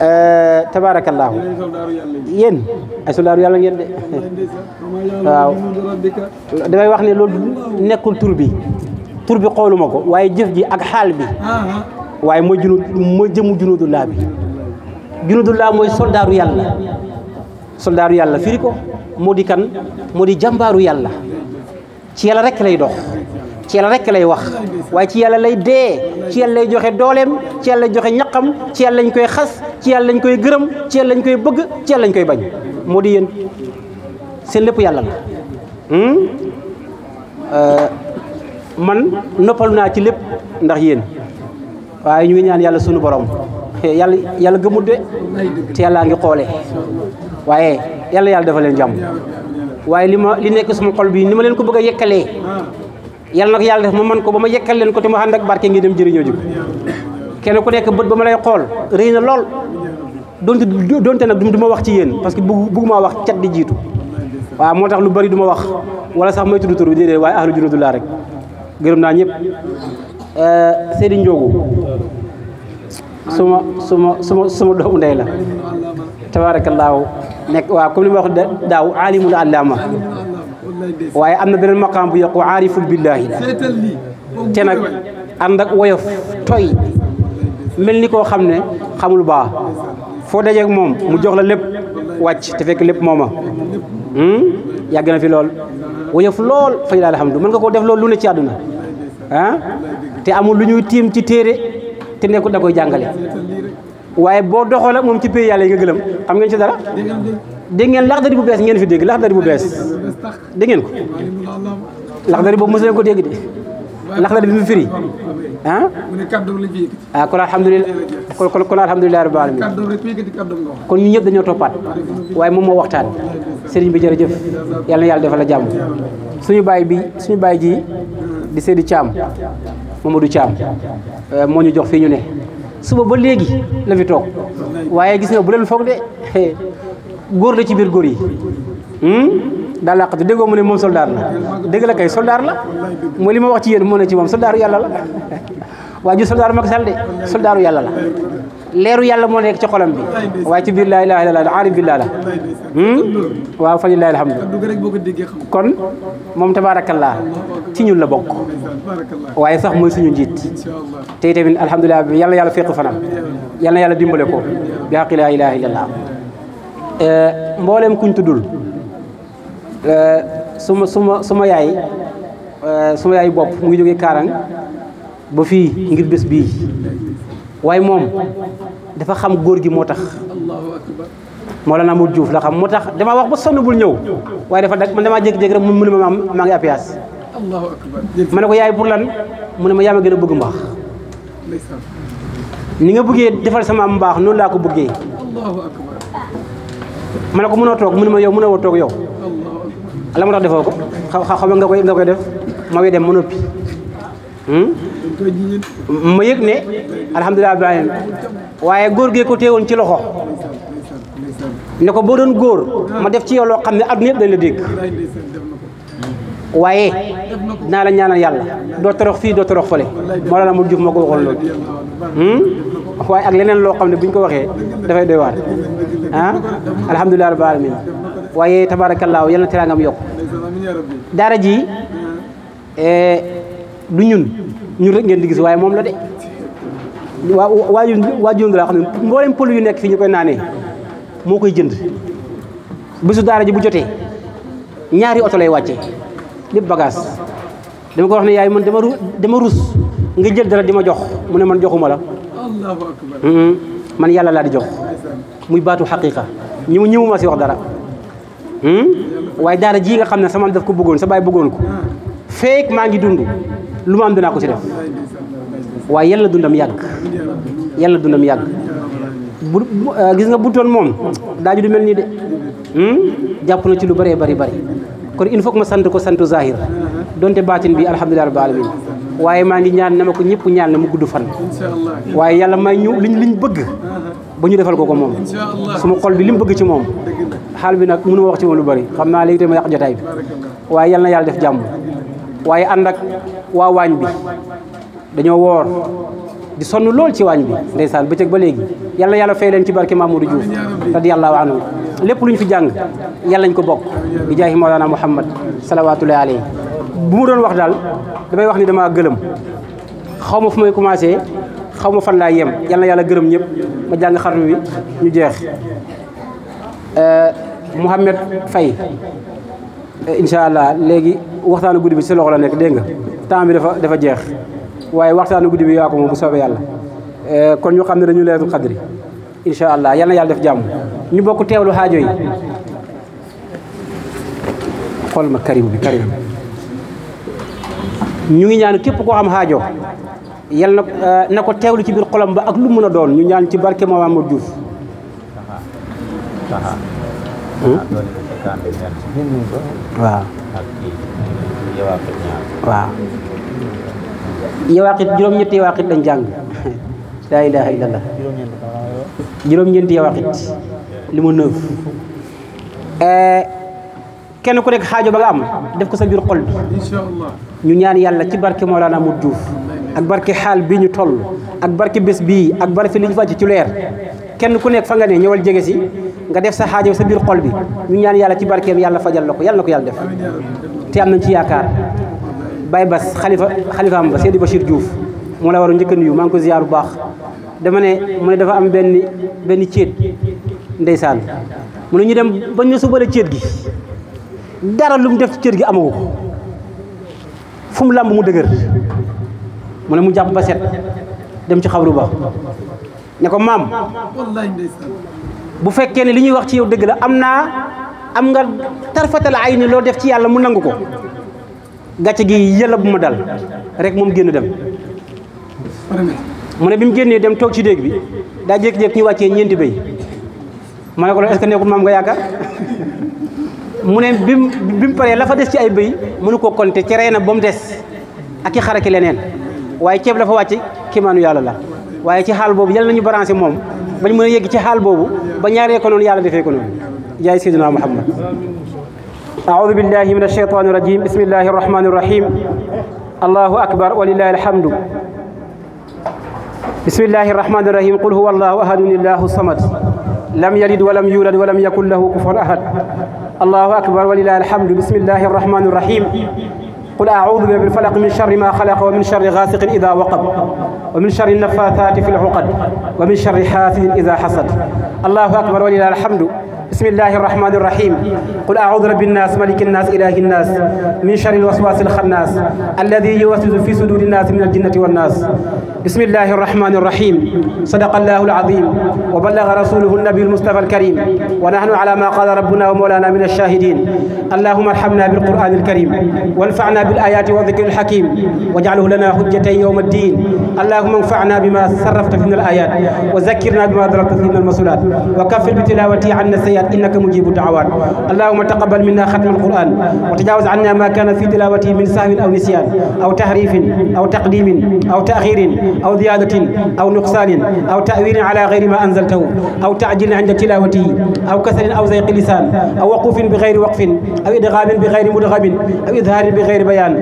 eh, tabaarakallaahu yéen ay soldaaru yàlla ngeen de damay wax ne loolu nekkul tur bi tur bi xooluma ko waaye jëf ji ak xaal bi ah, ah. waaye mooy junud mooy jëmu bi laa mooy soldaaru yàlla soldaaru yàlla firi ko moo di kan moo di jàmbaaru yàlla ci yàlla rek lay dox ci yàlla rek lay wax waaye ci yàlla lay dee ci yàlla lay joxe dooleem ci yàlla joxe ñaqam ci yàlla lañ koy xas ci yàlla lañ koy gërëm ci yàlla lañ koy bëgg ci yàlla lañ koy bañ moo di yéen seen lépp yàlla la hmm? euh, man noppalu naa ci lépp ndax yéen waaye ñu ngi ñaan yàlla sunu borom Eh, yàlla yàlla gëmut de te yàllaa ngi xoole waaye yàlla yàlla dafa leen jàmm waaye li ma li nekk suma xol bii ni ma leen ko bëgg a yekkalee yàlla nag yàlla def ma man ko ba ma yekkal leen ko te ma ànd ak barke ngi dem jëriñoo jub kenn ku nekk bët ba ma lay xool rëy na lool donte donte nag du ma wax ci yéen parce que bëgguma wax cat di jiitu waaw moo tax lu bari du ma wax wala sax may tudd tur bi déedéet waaye ahlu junudu laa rek gërëm naa ñëpp eh, Seydou Ndiogou suma suma suma suma doomu ndey la tabaarakallaahu nekk waaw comme li ma wax daaw aalimul allaama waaye am na beneen maqaam bu yokk wa aariful billaahi te nag woyof toy mel ni koo xam ne xamul baa foo dajeek moom mu jox la lépp wàcc te fekk lépp mooma hmm? yàgg na fi lool woyof lool fay la alhamdu mën nga koo def lool lu ne ci àdduna ah? te amul lu ñuy tiim ci téere te nekkul da koy jàngale waaye boo doxoo la moom ci pays yàlla yi nga gëlëm xam ngeen ci dara dégg ngeen laxdari bu bees ngeen fi dégg laxdari bu bees dégg ngeen ko lax laxdari boobu mos leen ko dégg de laxdari bi mu firi ah ah kon alhamdulilah kon kon alhamdulilah rabbil alamin kon ñu ñëpp dañoo toppaat waaye moom moo waxtaan sëriñ bi jërëjëf yàlla na yàlla defal la jàmm suñu baay bi suñu baay ji di Seydi Thiam Mamadou Thiam euh, moo ñu jox fii ñu ne suba ba léegi la fi toog waaye gis nga bu leen foog de eh, góor la ci biir góor yi hmm? daa làqatu déggoo mu ne moom soldaar la dégg la kay soldaar la mooy li ma wax ci yéen moo ne ci moom soldaaru yàlla la waa ji soldaaru Macky Sall de soldaaru yàlla la leeru yàlla moo nekk ci xolam bi waaye ci biir laa ilaha illa allah aarif billah la hmm? waaw fa lillahi kon moom tabaarakallaa ci ñun la bokk waaye sax mooy suñu njiit te tamit alhamdulilah yàlla yàlla féq fanam yàlla yàlla dimbale ko bi xaqi laa ilaha eh, mbooleem kuñ tuddul eh, suma suma suma yaay eh, suma yaay bopp mu ngi jógee Kaarang ba fii ngir bés bii waaye moom dafa xam góor gi moo tax Mawlana Amadou Diouf la xam moo tax dama wax ba sonn bul ñëw waaye dafa dag man damaa jékki-jékki rek mu ne ma maa ngi apias ma ne ko yaay pour lan mu ne ma yaa ma a bëgg mbaax ni nga bëggee defal sama am mbaax noonu laa ko bëggee ma ne ko a toog mu ne ma yow mënoo toog yow la ma tax defoo ko xaw nga koy nga koy def ma wi dem ma noppi hmm? ma yëg ne alhamdulilah ibrahim waaye góor gee ko teewoon ci loxo ne ko boo doon góor ma def ci yow loo xam ne adduna yëpp dañ la dégg waaye naa la ñaanal yàlla doo torox fii doo torox fële moo la la mul juf ma ko waxoon loolu hmm? waaye ak leneen loo xam ne buñ ko waxee dafay doy waar ah alhamdulilah rabbil alamin waaye tabaarakallaahu yal na teraangam yokk daara ji eh, du ñun ñun rek ngeen di gis waye mom la de wa wa jund la xamne mbolem mboolem yu nekk fi ñukoy koy mo koy jënd bisu daara ji bu joté ñaari auto lay wacce lepp bagage dama ko wax ne yaay man dama dama rus nga jël dara di jox mu ne man joxuma la mm-hmm. man yalla la di jox muy haqiqa ñimu ñimu ma ci wax dara mm-hmm. way daara ji nga xamne sama daf ko bëggoon sa bay bëggoon ko ma ngi dundu lu ma am dinaa ko ci def waaye yàlla dundam yàgg yàlla dundam yàgg euh, gis nga butoon moom daaju du mel nii de hmm? jàpp na ci lu bëree bëri bëri kon il faut ma sant ko sant zahir donte baatin bi alhamdulilah rabbil alamin waaye maa ngi ñaan na ma ko ñëpp ñaan na mu gudd fan waaye yàlla may ñu liñ liñ bëgg ba ñu defal ko ko moom xol bi li bëgg ci moom xaal bi nag mënu ma wax ci lu bëri xam naa léegi tamit yàq jotaay bi yàlla yàlla def jàmm waaye ànd waa waañ bi dañoo woor di sonn lool ci waañ bi ndeysaan bëccëg ba léegi yàlla yàlla fay leen ci barke Mamadou Diouf radiyallahu anhu lépp lu ñu fi jàng yàlla ñu ko bokk bi jaahi Mawlana Muhammad salawaatullahi alayhi bu mu doon wax daal damay wax ni damaa gëlëm xaw ma fu may commencé xaw ma fan laa yem yal na yàlla gërëm ñëpp ma jàng xarnu wi ñu jeex euh, Mouhamed Faye euh, incha allah léegi waxtaanu guddi bi ci sa loxo la nekk dégg nga temps bi dafa dafa jeex waaye waxtaan guddi bi yaa bu soobee yàlla eh, kon ñu xam ne dañu leetul xadri incha allah yal na yàlla def jàmm ñu bokk teewlu xaajo yi xol ma karim bi karim ñu ngi ñaan képp koo xam xaajo yal na eh, na teew lu ci biir xolam ba ak lu mën a doon ñu ñaan ci barke Mamadou Diouf hmm? waaw waaw yawaaqit juróom-ñetti yawaaqit lañ jàng laa ilaaha illallah juróom-ñeenti yawaaqit li mu neuf eh, kenn ku nekk xaajo ba nga am def ko sa biir xol bi ñu ñaan yàlla ci barke Mawlana Modou juuf ak barke xaal bii ñu toll ak barke bés bii ak barke li ñu fàcc ci leer kenn ku nekk fa nga ne ñëwal jege si nga def sa xaajo sa biir xol bi ñu ñaan yàlla ci barkeem yàlla fajal la ko yàlla na ko yàlla def te am nañ ci yaakaar bay Bass xalifa xalifaam ba Seydou Bachir Diouf moo la war a njëkk a nuyu ko ziar bu baax dama ne mu ne dafa am benn benn céet ndeysaan mu ne ñu dem ba ñu subale céet gi dara lu mu def ci céet gi amagu fu mu làmb mu dëgër mu ne mu jàpp ba dem ci xabru ba ne ko maam bu fekkee ne li ñuy wax ci yow dëgg la am naa am nga tarfatal ay ni loo def ci yàlla mu nangu ko gàcce gi yëlla bu ma dal rek moom génn dem mu ne bi mu génnee dem toog ci déeg bi daa jékki-jékki ñu wàccee ñeenti béy ma ne ko loolu est-ce que nekkul maam nga yaakaar mu ne bi mu bi mu paree la fa des ci ay béy mënu ko compter ci rey na ba mu des ak i xaraki leneen waaye ceeb la fa wàcce kimaanu yàlla la waaye ci xaal boobu yàlla nañu branché moom bañ mën a yegg ci xaal boobu ba ñaaree ko noonu yàlla defee ko يا سيدنا محمد أعوذ بالله من الشيطان الرجيم بسم الله الرحمن الرحيم الله أكبر ولله الحمد بسم الله الرحمن الرحيم قل هو الله أحد الله الصمد لم يلد ولم يولد ولم يكن له كفوا أحد الله أكبر ولله الحمد بسم الله الرحمن الرحيم قل أعوذ برب الفلق من شر ما خلق ومن شر غاسق إذا وقب ومن شر النفاثات في العقد ومن شر حاسد إذا حسد الله أكبر ولله الحمد بسم الله الرحمن الرحيم قل أعوذ برب الناس ملك الناس إله الناس من شر الوسواس الخناس الذي يوسوس في صدور الناس من الجنة والناس بسم الله الرحمن الرحيم صدق الله العظيم وبلغ رسوله النبي المصطفى الكريم ونحن على ما قال ربنا ومولانا من الشاهدين اللهم ارحمنا بالقرآن الكريم وانفعنا بالآيات والذكر الحكيم واجعله لنا حجة يوم الدين اللهم انفعنا بما صرفت فينا الآيات وذكرنا بما ذكرت فينا المسؤولات وكفر بتلاوتي عنا السيئات التحيات إنك مجيب الدعوات اللهم تقبل منا ختم القرآن وتجاوز عنا ما كان في تلاوته من سهو أو نسيان أو تحريف أو تقديم أو تأخير أو زيادة أو نقصان أو تأويل على غير ما أنزلته أو تعجيل عند تلاوته أو كسل أو زيق لسان أو وقوف بغير وقف أو إدغام بغير مدغم أو إظهار بغير بيان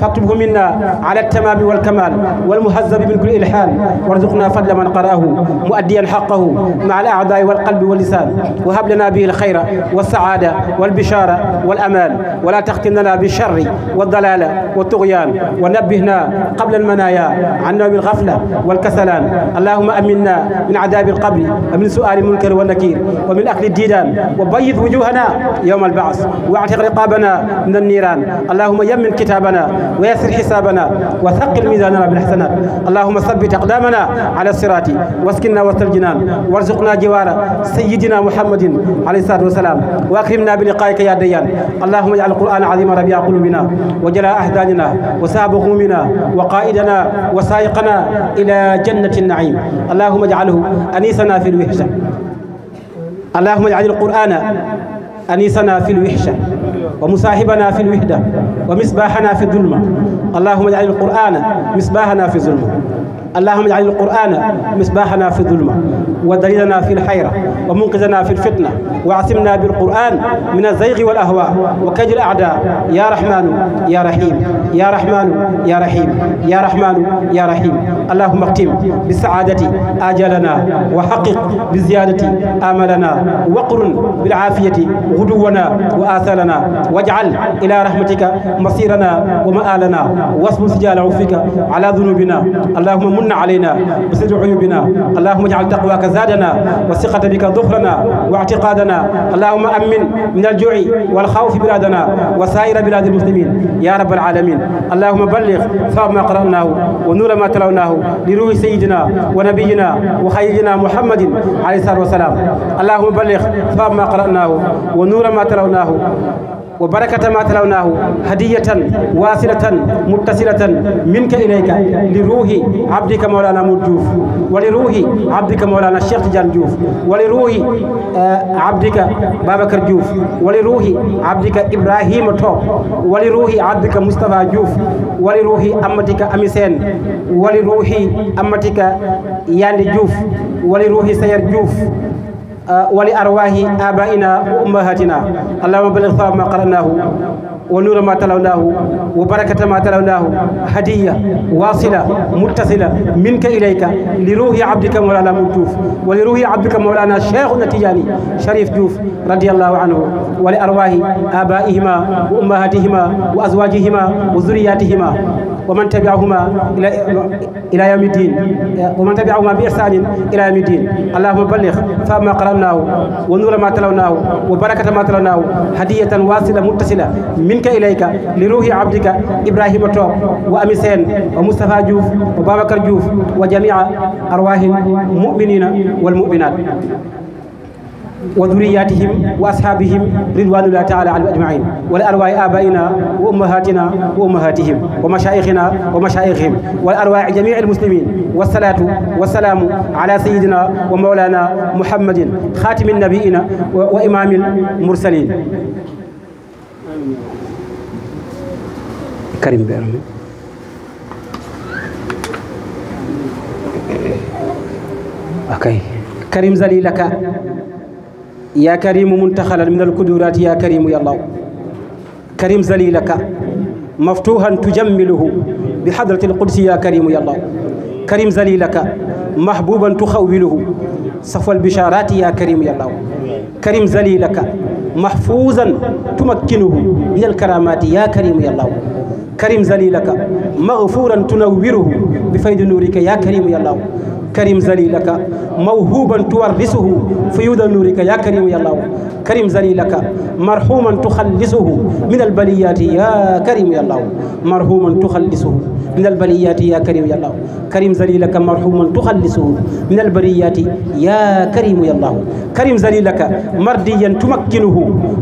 فاكتبه منا على التمام والكمال والمهذب من كل إلحان وارزقنا فضل من قرأه مؤديا حقه مع الأعداء والقلب واللسان وهب لنا به الخير والسعادة والبشارة والأمان ولا تختم لنا بالشر والضلالة والطغيان ونبهنا قبل المنايا عن نوم الغفلة والكسلان اللهم أمنا من عذاب القبر ومن سؤال المنكر والنكير ومن أكل الديدان وبيض وجوهنا يوم البعث واعتق رقابنا من النيران اللهم يمن كتابنا ويسر حسابنا وثقل ميزاننا بالحسنات اللهم ثبت أقدامنا على الصراط واسكننا وسط الجنان وارزقنا جوار سيدنا محمد عليه الصلاة والسلام وأكرمنا بلقائك يا ديان اللهم اجعل القرآن عظيم ربيع قلوبنا وجلاء أحزاننا وسهب همومنا وقائدنا وسائقنا إلى جنة النعيم اللهم اجعله أنيسنا في الوحشة اللهم اجعل القرآن أنيسنا في الوحشة ومصاحبنا في الوحدة ومصباحنا في الظلمة اللهم اجعل القرآن مصباحنا في الظلمة اللهم اجعل القرآن مصباحنا في الظلمة ودليلنا في الحيرة ومنقذنا في الفتنة واعصمنا بالقرآن من الزيغ والأهواء وكيد الأعداء يا رحمن يا رحيم يا رحمن يا رحيم يا رحمن يا رحيم اللهم اختم بالسعادة آجالنا وحقق بالزيادة آملنا وقرن بالعافية غدونا وآثالنا واجعل إلى رحمتك مصيرنا ومآلنا واصبر سجال عفوك على ذنوبنا اللهم من من علينا وستر عيوبنا اللهم اجعل تقواك زادنا والثقة بك ظهرنا واعتقادنا اللهم أمن من الجوع والخوف بلادنا وسائر بلاد المسلمين يا رب العالمين اللهم بلغ ثواب ما قرأناه ونور ما تلوناه لروح سيدنا ونبينا وخيرنا محمد عليه الصلاة والسلام اللهم بلغ ثواب ما قرأناه ونور ما تلوناه وبركة ما تلوناه هدية واصلة متصلة منك إليك لروح عبدك مولانا مرجوف ولروح عبدك مولانا الشيخ تجان جوف ولروح عبدك بابكر جوف ولروح عبدك إبراهيم توب ولروح عبدك مصطفى جوف ولروح أمتك أميسين ولروح أمتك ياند جوف ولروح سير جوف آه، ولأرواح آبائنا وأمهاتنا اللهم بلغ ثواب ما قرأناه ونور ما تلوناه وبركة ما تلوناه هدية واصلة متصلة منك إليك لروح عبدك مولانا مجوف ولروح عبدك مولانا شيخ نتجاني شريف جوف رضي الله عنه ولأرواح آبائهما وأمهاتهما وأزواجهما وذرياتهما ومن تبعهما إلى يوم الدين ومن تبعهما بإحسان إلى يوم الدين اللهم بلغ فما قرناه ونور ما تلوناه وبركة ما تلوناه هدية واصلة متصلة منك إليك لروح عبدك إبراهيم توب سين ومصطفى جوف وبابكر جوف وجميع أرواح المؤمنين والمؤمنات وذرياتهم وأصحابهم رضوان الله تعالى عليهم أجمعين والأرواح آبائنا وأمهاتنا وأمهاتهم ومشايخنا ومشايخهم والأرواح جميع المسلمين والصلاة والسلام على سيدنا ومولانا محمد خاتم النبيين وإمام المرسلين كريم بيرم أوكي كريم زليلك يا كريم منتخلا من القدرات يا كريم يا الله كريم زليلك مفتوحا تجمله بحضرة القدس يا كريم يا الله كريم زليلك محبوبا تخوله صفو البشارات يا كريم يا الله كريم زليلك محفوظا تمكنه من الكرامات يا كريم يا الله كريم زليلك مغفورا تنوره بفيد نورك يا كريم يا الله كريم زليلك موهوبا تورثه فيود نورك يا كريم يا الله كريم زليلك مرحوما تخلصه من البليات يا كريم يا الله مرحوما تخلصه من البريات يا كريم يا الله كريم زليلك مرحوما تخلصه من البريات يا كريم يا الله كريم زليلك مرديا تمكنه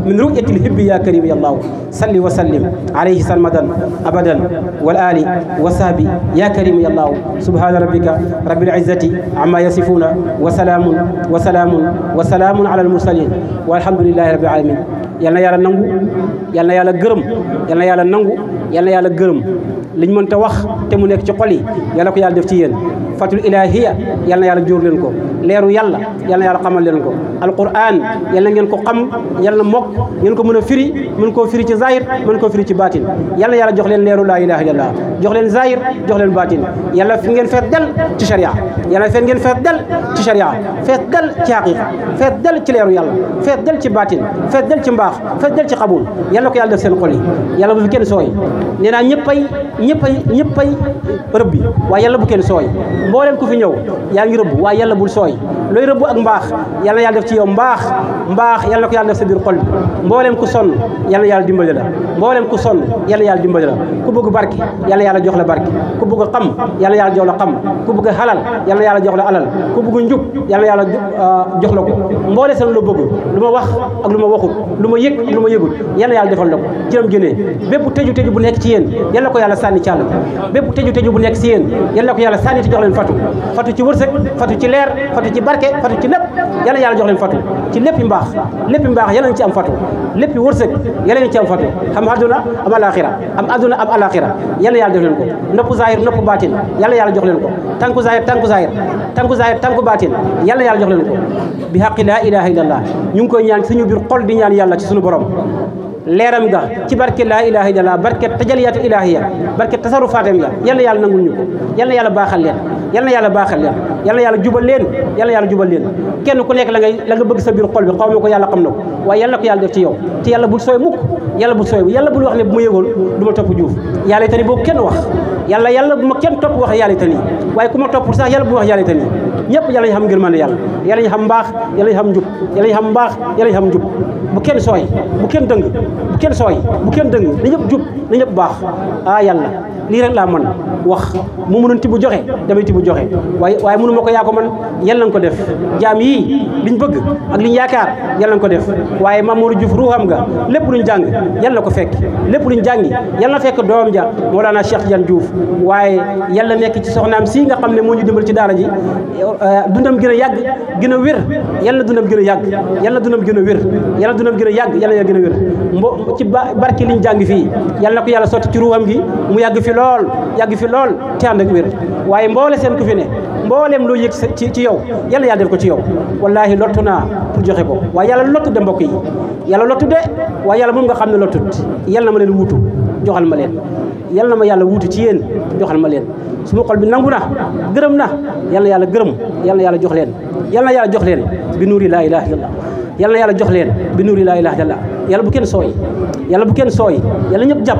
من رؤية الحب يا كريم يا الله صل وسلم عليه سرمدا أبدا والآل وصحبه يا كريم يا الله سبحان ربك رب العزة عما يصفون وسلام وسلام وسلام على المرسلين والحمد لله رب العالمين يا na yàlla يا yal na يا gërëm yal يا yàlla nangu liñ mënta wax te mu nekk ci xol yi yàlla ko yàlla def ci yéen fatul ilahiya yal na yàlla leen ko leeru yàlla yal na leen ko alquran yal na ngeen ko xam yal na mokk ngeen ko mën a firi mën koo firi ci zahir mën koo firi ci batin yal na yàlla jox leen leeru laa ilaha illallah jox leen zahir jox leen batin yàlla fi ngeen fees del ci sharia yàlla fees ngeen fees del ci sharia fees del ci haqiqa fees ci leeru yàlla fees del ci batin fees del ci mbaax fees del ci xabul yàlla ko yàlla def seen xol yi yàlla bu fi sooy nee naa ñëppay ñëppay ñëppay rëbbi waaye yàlla bu kenn sooy mboolem ku fi ñëw yaa ngi rëbb waaye yàlla bul sooy looy rëbb ak mbaax yàlla yàlla def ci yow mbaax mbaax yàlla ko yàlla def sa biir xol bi mboolem ku sonn yàlla yàlla dimbali la mboolem ku sonn yàlla yàlla dimbali la ku bëgg barke yàlla yàlla jox la barke ku bëgg xam yàlla yàlla jox la xam ku bëgg xalal yàlla yàlla jox la alal ku bëgg njub yàlla yàlla jox la ko mboole seen lu bëgg lu ma wax ak lu ma waxut lu ma yëg lu ma yëgul yàlla yàlla defal la ko jërëm génee bépp tëju tëju nekk ci yéen yàlla ko yàlla sànni ci fatu fatu ci wërsëg fatu ci leer fatu ci barke fatu ci lépp yàlla yàlla jox leen fatu ci léppi mbaax léppi mbaax yàlla ñu ci am fatu léppi wërsëg yàlla ci am fatu xam àdduna am alaxira am àdduna am alaxira yàlla yàlla jox leen ko nopp zahir nopp baatin yàlla yàlla jox leen ko tànku zahir tànku zahir tànku zahir tànku baatin yàlla yàlla jox leen ko bi xaqi laa ilaha illallah ñu ngi koy ñaan suñu biir xol di ñaan yàlla ci suñu borom leeram ga ci barke laa ilaha illallah barke tajaliyatu ilahiya barke tasarufaatam ya yàlla yàlla nangul ñu yàlla yàlla baaxal leen yal na yàlla baaxal leen yal na yàlla jubal leen yal na yàlla jubal leen kenn ku nekk la ngay la nga bëgg sa biir xol bi xaw ma ko yàlla xam na ko waaye yal ko yàlla def ci yow te yàlla bu sooy mukk yàlla bul sooy yàlla bul wax ne bu ma yëgoon du ma topp juuf yàlla itam boo kenn wax yàlla yàlla bu ma kenn topp wax yàlla itam waaye ku ma topp sax yàlla bu wax yàlla itam ñëpp yàlla ñu xam ngërmande yàlla yàlla ñu xam mbaax yàlla ñu xam njub yàlla ñu xam mbaax yàlla ñu njub bu kenn sooy bu kenn dëng bu kenn sooy bu kenn dëng na ñëpp jub na ñëpp baax ah yàlla lii rek laa mën wax mu mënoon ti bu joxe damay ti bu joxe waaye waaye mënu ko yaa ko man yàlla na ko def jaam yii liñ bëgg ak liñ yaakaar yàlla ko def waaye Mamadou Diouf ruuxam nga lépp luñ jàng yàlla na ko fekk lépp luñ jàngi yàlla na fekk doom ja Mawlana Cheikh Tidiane Diouf waaye yàlla nekk ci soxnaam si nga xam ne moo ñu dimbal ci daara ji eh, dundam gën a yàgg gën a wér yàlla dundam gën a yàgg yàlla dundam gën a wér dina gën a yàgg yàlla na gën a wér mbo ci barki jàng fii yàlla na ko yàlla sotti ci ruwam gi mu yàgg fi lool yàgg fi lool te ànd wér waaye mboole seen ku fi ne mbooleem loo yëg ci ci yow yàlla yàlla def ko ci yow wallaahi lottu naa pour joxe ko waaye yàlla lottu de mbokk yi yàlla lottu de waaye yàlla moom nga xam ne lottut yàlla na ma leen wutu joxal ma leen yàlla na ma yàlla wuutu ci yéen joxal ma leen su ma xol bi nangu na gërëm na yàlla yàlla gërëm yàlla yàlla jox leen yàlla na yàlla jox leen bi nuuri يلا يلا جوخلين بنور لا اله الا الله يلا بوكين سوي يلا بوكين سوي يلا نيب جاب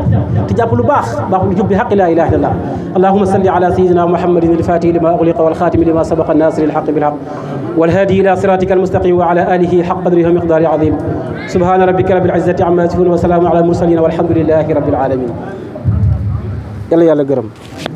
تجاب لو باخ باخ نجوب بحق لا اله الا الله اللهم صل على سيدنا محمد الفاتح لما اغلق والخاتم لما سبق الناصر الحق بالحق والهادي الى صراطك المستقيم وعلى اله حق قدره ومقدار عظيم سبحان ربك رب العزه عما يصفون وسلام على المرسلين والحمد لله رب العالمين يلا يلا قرم